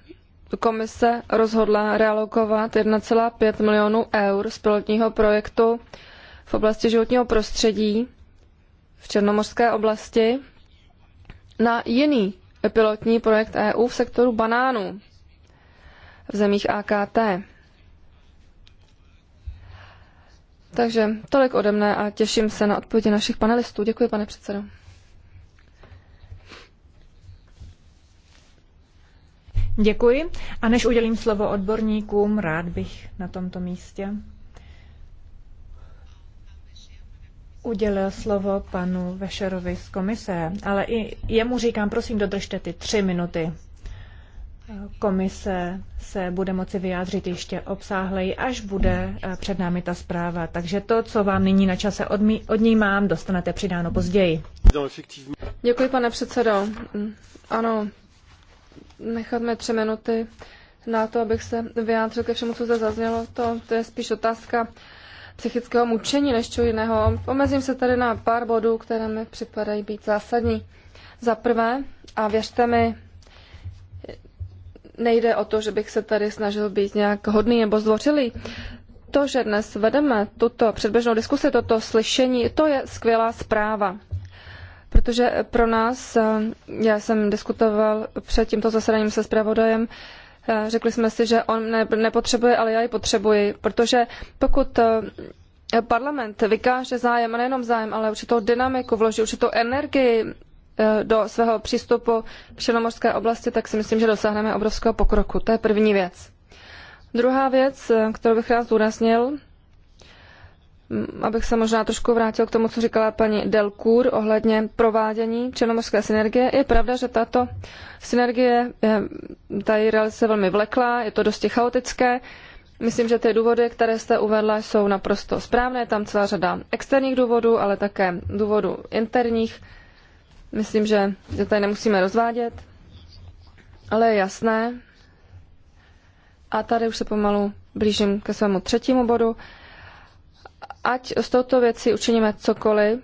komise rozhodla realokovat 1,5 milionů eur z pilotního projektu v oblasti životního prostředí v Černomorské oblasti na jiný pilotní projekt EU v sektoru banánů v zemích AKT. Takže tolik ode mne a těším se na odpovědi našich panelistů. Děkuji, pane předsedo. Děkuji. A než udělím slovo odborníkům, rád bych na tomto místě udělil slovo panu Vešerovi z komise, ale i jemu říkám, prosím, dodržte ty tři minuty. Komise se bude moci vyjádřit ještě obsáhleji, až bude eh, před námi ta zpráva. Takže to, co vám nyní na čase odmí, odnímám, dostanete přidáno později. Děkuji, pane předsedo. Mm, ano, necháme tři minuty na to, abych se vyjádřil ke všemu, co zde zaznělo. To, to je spíš otázka psychického mučení než čeho jiného. Omezím se tady na pár bodů, které mi připadají být zásadní. Za prvé, a věřte mi, nejde o to, že bych se tady snažil být nějak hodný nebo zdvořilý. To, že dnes vedeme tuto předběžnou diskusi, toto slyšení, to je skvělá zpráva protože pro nás, já jsem diskutoval před tímto zasedaním se zpravodajem, Eh, řekli jsme si, že on ne, nepotřebuje, ale já ji potřebuji, protože pokud eh, parlament vykáže zájem, a nejenom zájem, ale určitou dynamiku, vloží určitou energii eh, do svého přístupu k Černomorské oblasti, tak si myslím, že dosáhneme obrovského pokroku. To je první věc. Druhá věc, kterou bych rád zdůraznil, Mm, abych se možná trošku vrátil k tomu, co říkala paní Delcourt ohledně provádění černomorské synergie. Je pravda, že tato synergie, eh, ta její realizace velmi vleklá, je to dosti chaotické. Myslím, že ty důvody, které jste uvedla, jsou naprosto správné. Je tam celá řada externích důvodů, ale také důvodů interních. Myslím, že tady nemusíme rozvádět, ale je jasné. A tady už se pomalu blížím ke svému třetímu bodu ať s touto věcí učiníme cokoliv,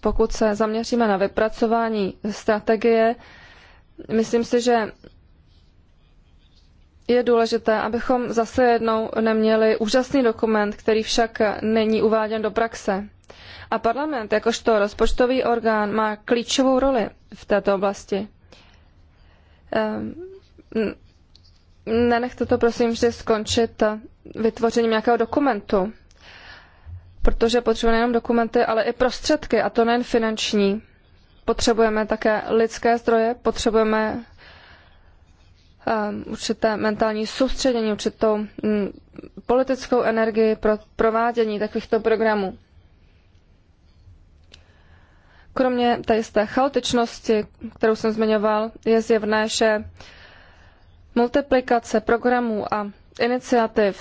pokud se zaměříme na vypracování strategie, myslím si, že je důležité, abychom zase jednou neměli úžasný dokument, který však není uváděn do praxe. A parlament, jakožto rozpočtový orgán, má klíčovou roli v této oblasti. Ehm, nenechte to prosím vždy skončit vytvořením nějakého dokumentu, protože potřebujeme nejenom dokumenty, ale i prostředky, a to nejen finanční. Potřebujeme také lidské zdroje, potřebujeme ehm, určité mentální soustředění, určitou mm, politickou energii pro provádění takovýchto programů. Kromě té jisté chaotičnosti, kterou jsem zmiňoval, je zjevné, že multiplikace programů a iniciativ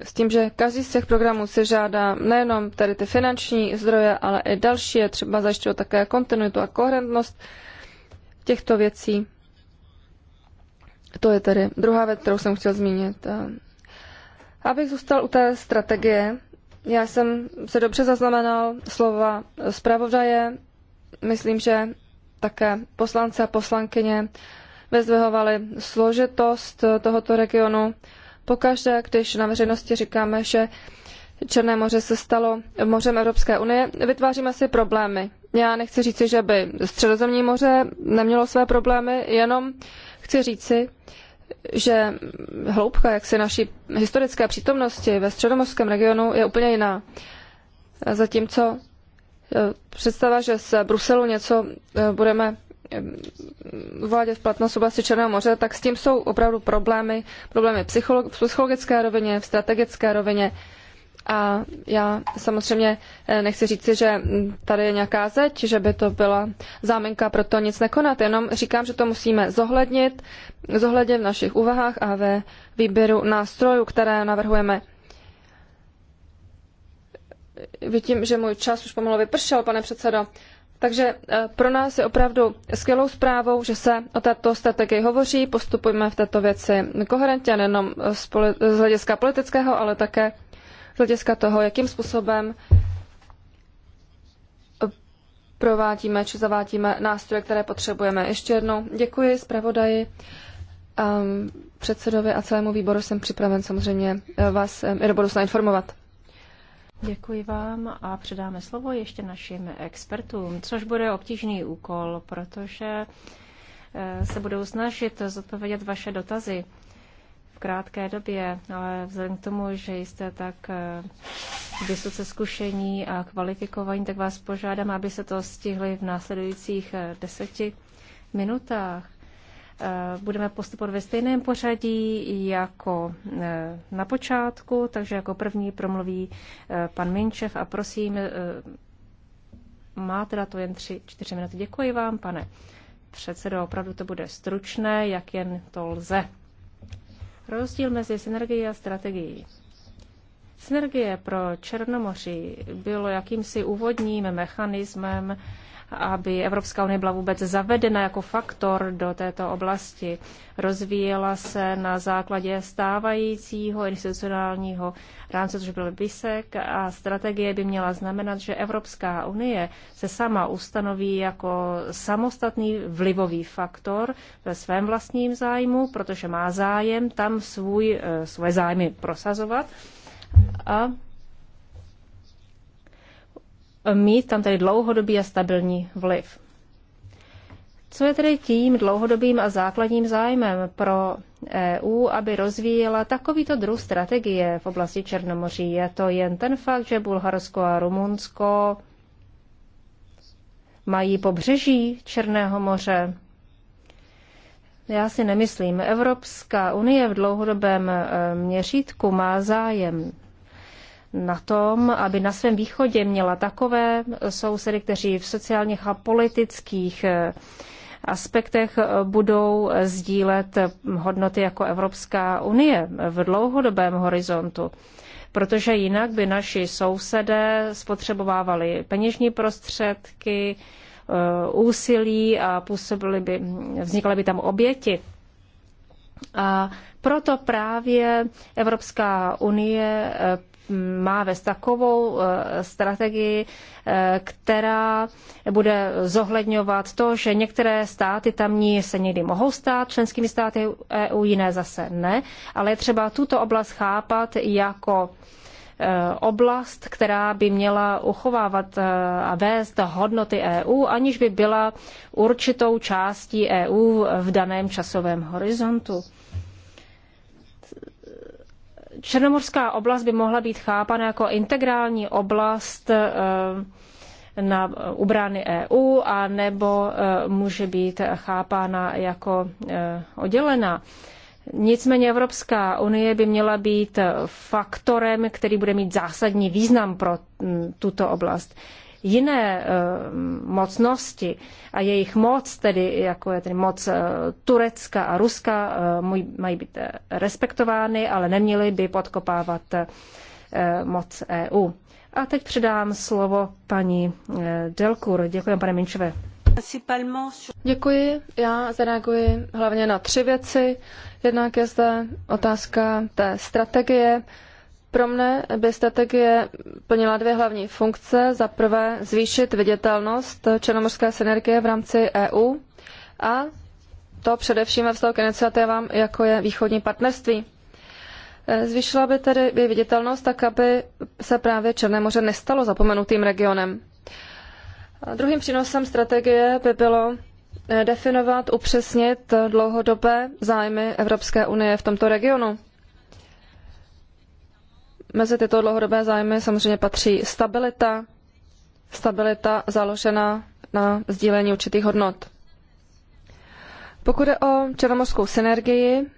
s tím, že každý z těch programů si žádá nejenom tedy ty finanční zdroje, ale i další, je třeba zajišťovat také kontinuitu a koherentnost těchto věcí. To je tedy druhá věc, kterou jsem chtěl zmínit. Abych zůstal u té strategie, já jsem se dobře zaznamenal slova zpravodaje, myslím, že také poslance a poslankyně vyzvihovali složitost eh, tohoto regionu. Pokaždé, když na veřejnosti říkáme, že Černé moře se stalo mořem Evropské unie, vytváříme si problémy. Já nechci říci, že by Středozemní moře nemělo své problémy, jenom chci říci, že hloubka jaksi naší historické přítomnosti ve středomorském regionu je úplně jiná. Zatímco eh, představa, že z Bruselu něco eh, budeme uvádět v platnost oblasti Černého moře, tak s tím jsou opravdu problémy, problémy v psychologické rovině, v strategické rovině. A já samozřejmě eh, nechci říci, že tady je nějaká zeď, že by to byla záminka pro to nic nekonat, jenom říkám, že to musíme zohlednit, zohlednit v našich úvahách a ve výběru nástrojů, které navrhujeme. Vidím, že můj čas už pomalu vypršel, pane předsedo. Takže eh, pro nás je opravdu skvělou zprávou, že se o této strategii hovoří, postupujeme v této věci koherentně, nejenom eh, z hlediska politického, ale také z hlediska toho, jakým způsobem eh, provádíme či zavádíme nástroje, které potřebujeme. Ještě jednou děkuji zpravodaji, ehm, předsedovi a celému výboru jsem připraven samozřejmě vás i do budoucna informovat. Děkuji vám a předáme slovo ještě našim expertům, což bude obtížný úkol, protože eh, se budou snažit zodpovědět vaše dotazy v krátké době, ale vzhledem k tomu, že jste tak eh, vysoce zkušení a kvalifikovaní, tak vás požádám, aby se to stihli v následujících eh, deseti minutách. Eh, budeme postupovat ve stejném pořadí jako eh, na počátku, takže jako první promluví eh, pan Minčev a prosím, má teda to jen tři, čtyři minuty. Děkuji vám, pane předsedo, opravdu to bude stručné, jak jen to lze. Rozdíl mezi synergií a strategií. Synergie pro Černomoří bylo jakýmsi úvodním mechanismem, aby Evropská unie byla vůbec zavedena jako faktor do této oblasti. Rozvíjela se na základě stávajícího institucionálního rámce, což byl BISEK, a strategie by měla znamenat, že Evropská unie se sama ustanoví jako samostatný vlivový faktor ve svém vlastním zájmu, protože má zájem tam svůj, eh, svoje zájmy prosazovat. A mít tam tedy dlouhodobý a stabilní vliv. Co je tedy tím dlouhodobým a základním zájmem pro EU, aby rozvíjela takovýto druh strategie v oblasti Černomoří? Je to jen ten fakt, že Bulharsko a Rumunsko mají pobřeží Černého moře? Já si nemyslím. Evropská unie v dlouhodobém e, měřítku má zájem na tom, aby na svém východě měla takové sousedy, kteří v sociálních a politických eh, aspektech eh, budou sdílet eh, hodnoty jako Evropská unie v dlouhodobém horizontu. Protože jinak by naši sousedé spotřebovávali peněžní prostředky, úsilí a působily by, vznikaly by tam oběti. A proto právě Evropská unie má vést takovou eh, strategii, eh, která bude zohledňovat to, že některé státy tamní se někdy mohou stát členskými státy EU, jiné zase ne, ale je třeba tuto oblast chápat jako eh, oblast, která by měla uchovávat a vést hodnoty EU, aniž by byla určitou částí EU v daném časovém horizontu. Černomorská oblast by mohla být chápána jako integrální oblast eh, na ubrány EU a nebo eh, může být chápána jako eh, oddělená. Nicméně Evropská unie by měla být faktorem, který bude mít zásadní význam pro mm, tuto oblast jiné eh, mocnosti a jejich moc, tedy jako je tedy moc eh, Turecka a Ruska, eh, mají být respektovány, ale neměly by podkopávat moc EU. A teď předám slovo paní Delkur. Děkuji, pane Minčové. Děkuji. Já zareaguji hlavně na tři věci. Jednak je zde otázka té strategie pro mne by strategie plnila dvě hlavní funkce. Za prvé zvýšit viditelnost černomorské synergie v rámci EU a to především ve vztahu k iniciativám, jako je východní partnerství. E, zvýšila by tedy její viditelnost tak, aby se právě Černé moře nestalo zapomenutým regionem. A druhým přínosem strategie by bylo e, definovat, upřesnit dlouhodobé zájmy Evropské unie v tomto regionu. Mezi tyto dlouhodobé zájmy samozřejmě patří stabilita, stabilita založená na sdílení určitých hodnot. Pokud je o černomorskou synergii,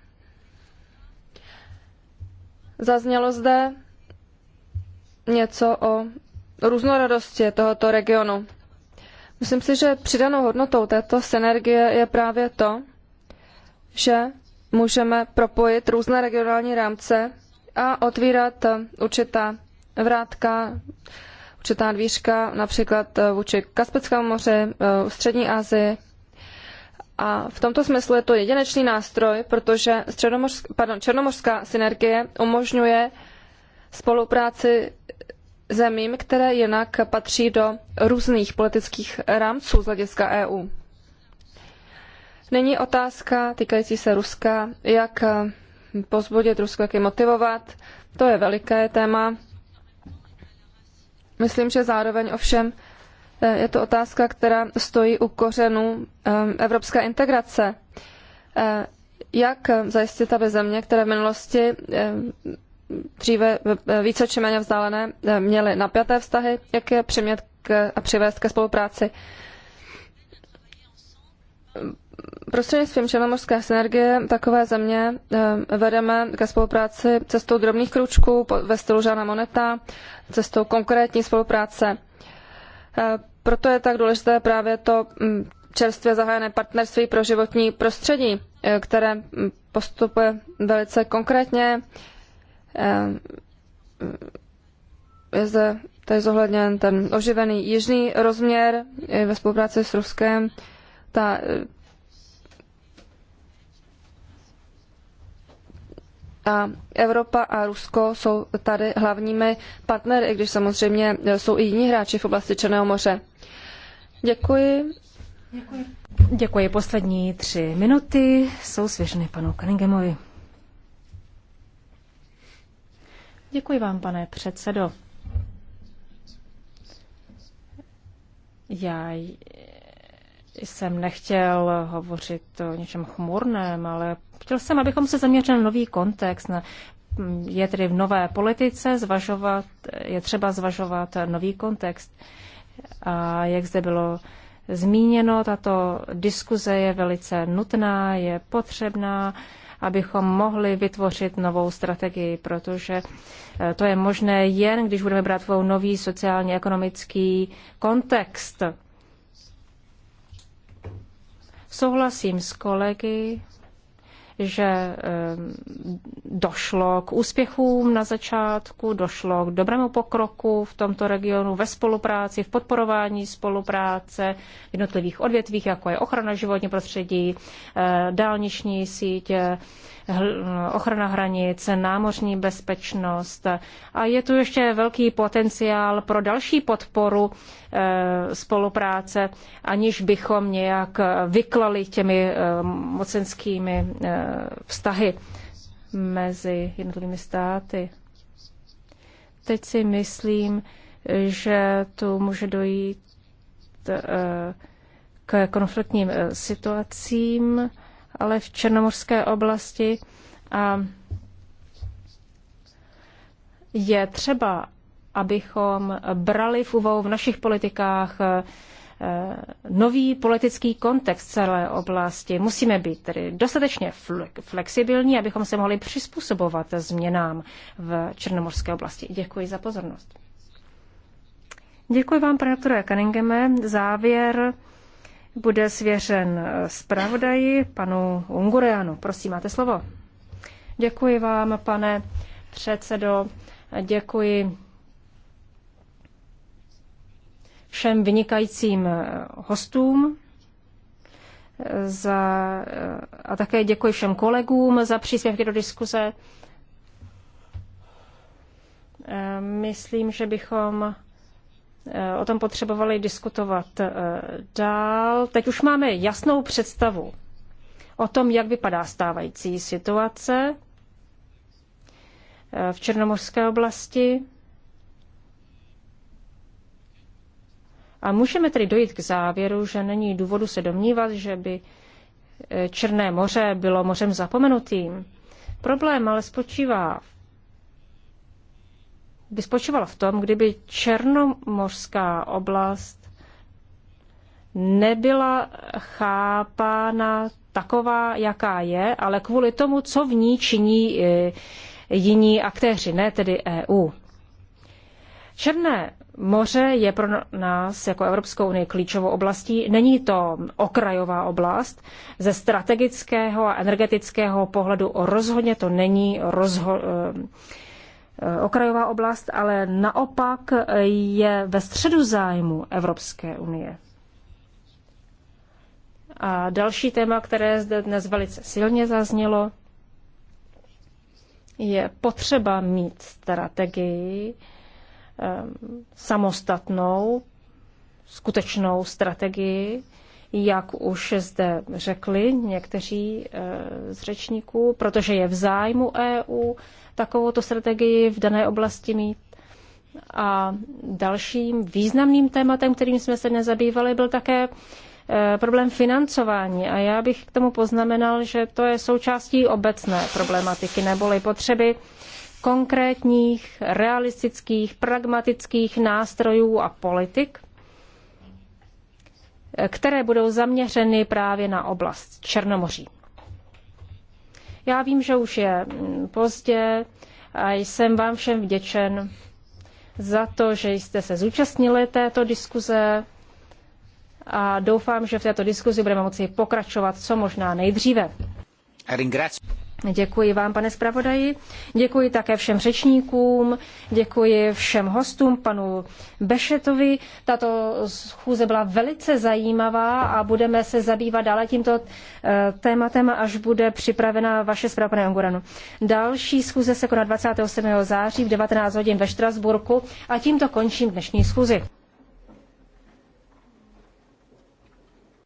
zaznělo zde něco o různorodosti tohoto regionu. Myslím si, že přidanou hodnotou této synergie je právě to, že můžeme propojit různé regionální rámce a otvírat určitá vrátka, určitá dvířka, například vůči Kaspickému moře Střední Asii. A v tomto smyslu je to jedinečný nástroj, protože pardon, černomořská synergie umožňuje spolupráci zemím, které jinak patří do různých politických rámců z hlediska EU. Není otázka týkající se Ruska, jak pozbudit Rusko, jak je motivovat. To je veliké téma. Myslím, že zároveň ovšem eh, je to otázka, která stojí u kořenů ehm, evropské integrace. Eh, jak eh, zajistit, aby země, které v minulosti dříve více či méně vzdálené měly napjaté vztahy, jak je přimět a přivést ke spolupráci? prostřednictvím černomorské synergie takové země eh, vedeme ke spolupráci cestou drobných kručků ve stylu Žána Moneta, cestou konkrétní spolupráce. Eh, proto je tak důležité právě to mm, čerstvě zahájené partnerství pro životní prostředí, eh, které mm, postupuje velice konkrétně. Je zde tady zohledněn ten oživený jižní rozměr ve spolupráci s Ruskem ta A Evropa a Rusko jsou tady hlavními partnery, i když samozřejmě jsou i jiní hráči v oblasti Černého moře. Děkuji. Děkuji. Děkuji. Poslední tři minuty jsou svěřeny panu Cunninghamovi. Děkuji vám, pane předsedo. Já jsem nechtěl hovořit o něčem chmurném, ale Chtěl jsem, abychom se zaměřili na nový kontext. Je tedy v nové politice zvažovat, je třeba zvažovat nový kontext. A jak zde bylo zmíněno, tato diskuze je velice nutná, je potřebná, abychom mohli vytvořit novou strategii, protože eh, to je možné jen, když budeme brát svou nový sociálně-ekonomický kontext. Souhlasím s kolegy že eh, došlo k úspěchům na začátku, došlo k dobrému pokroku v tomto regionu ve spolupráci, v podporování spolupráce v jednotlivých odvětvích, jako je ochrana životního prostředí, eh, dálniční sítě, ochrana hranic, námořní bezpečnost. A je tu ještě velký potenciál pro další podporu eh, spolupráce, aniž bychom nějak vyklali těmi mocenskými vztahy mezi jednotlivými státy. Teď si myslím, že tu může dojít eh, k konfliktním eh, situacím, ale v černomorské oblasti a je třeba, abychom brali v úvahu v našich politikách eh, Eh, nový politický kontext celé oblasti. Musíme být tedy dostatečně flexibilní, abychom se mohli přizpůsobovat změnám v Černomorské oblasti. Děkuji za pozornost. Děkuji vám, pane doktore Kanningeme. Závěr bude svěřen eh, zpravodaji panu Ungureanu. Prosím, máte slovo. Děkuji vám, pane předsedo. Děkuji všem vynikajícím eh, hostům eh, za, eh, a také děkuji všem kolegům za příspěvky do diskuze. Myslím, že bychom o tom potřebovali diskutovat dál. Teď už máme jasnou představu o tom, jak vypadá stávající situace v Černomorské oblasti. A můžeme tedy dojít k závěru, že není důvodu se domnívat, že by eh, Černé moře bylo mořem zapomenutým. Problém ale spočívá by spočívala v tom, kdyby černomořská oblast nebyla chápána taková, jaká je, ale kvůli tomu, co v ní činí eh, jiní aktéři, ne tedy EU. Černé moře je pro nás jako Evropskou unii klíčovou oblastí. Není to okrajová oblast. Ze strategického a energetického pohledu rozhodně to není rozho- eh, eh, okrajová oblast, ale naopak je ve středu zájmu Evropské unie. A další téma, které zde dnes velice silně zaznělo, je potřeba mít strategii, Eh, samostatnou skutečnou strategii, jak už zde řekli někteří eh, z řečníků, protože je v zájmu EU takovouto strategii v dané oblasti mít. A dalším významným tématem, kterým jsme se nezabývali, byl také eh, problém financování. A já bych k tomu poznamenal, že to je součástí obecné problematiky neboli potřeby konkrétních, realistických, pragmatických nástrojů a politik, které budou zaměřeny právě na oblast Černomoří. Já vím, že už je mm, pozdě a jsem vám všem vděčen za to, že jste se zúčastnili této diskuze a doufám, že v této diskuzi budeme moci pokračovat co možná nejdříve. Děkuji vám, pane zpravodaji. Děkuji také všem řečníkům, děkuji všem hostům, panu Bešetovi. Tato schůze byla velice zajímavá a budeme se zabývat dále tímto eh, tématem, až bude připravena vaše zpráva, pane Anguranu. Další schůze se koná 27. září v 19 hodin ve Štrasburku a tímto končím dnešní schůzi.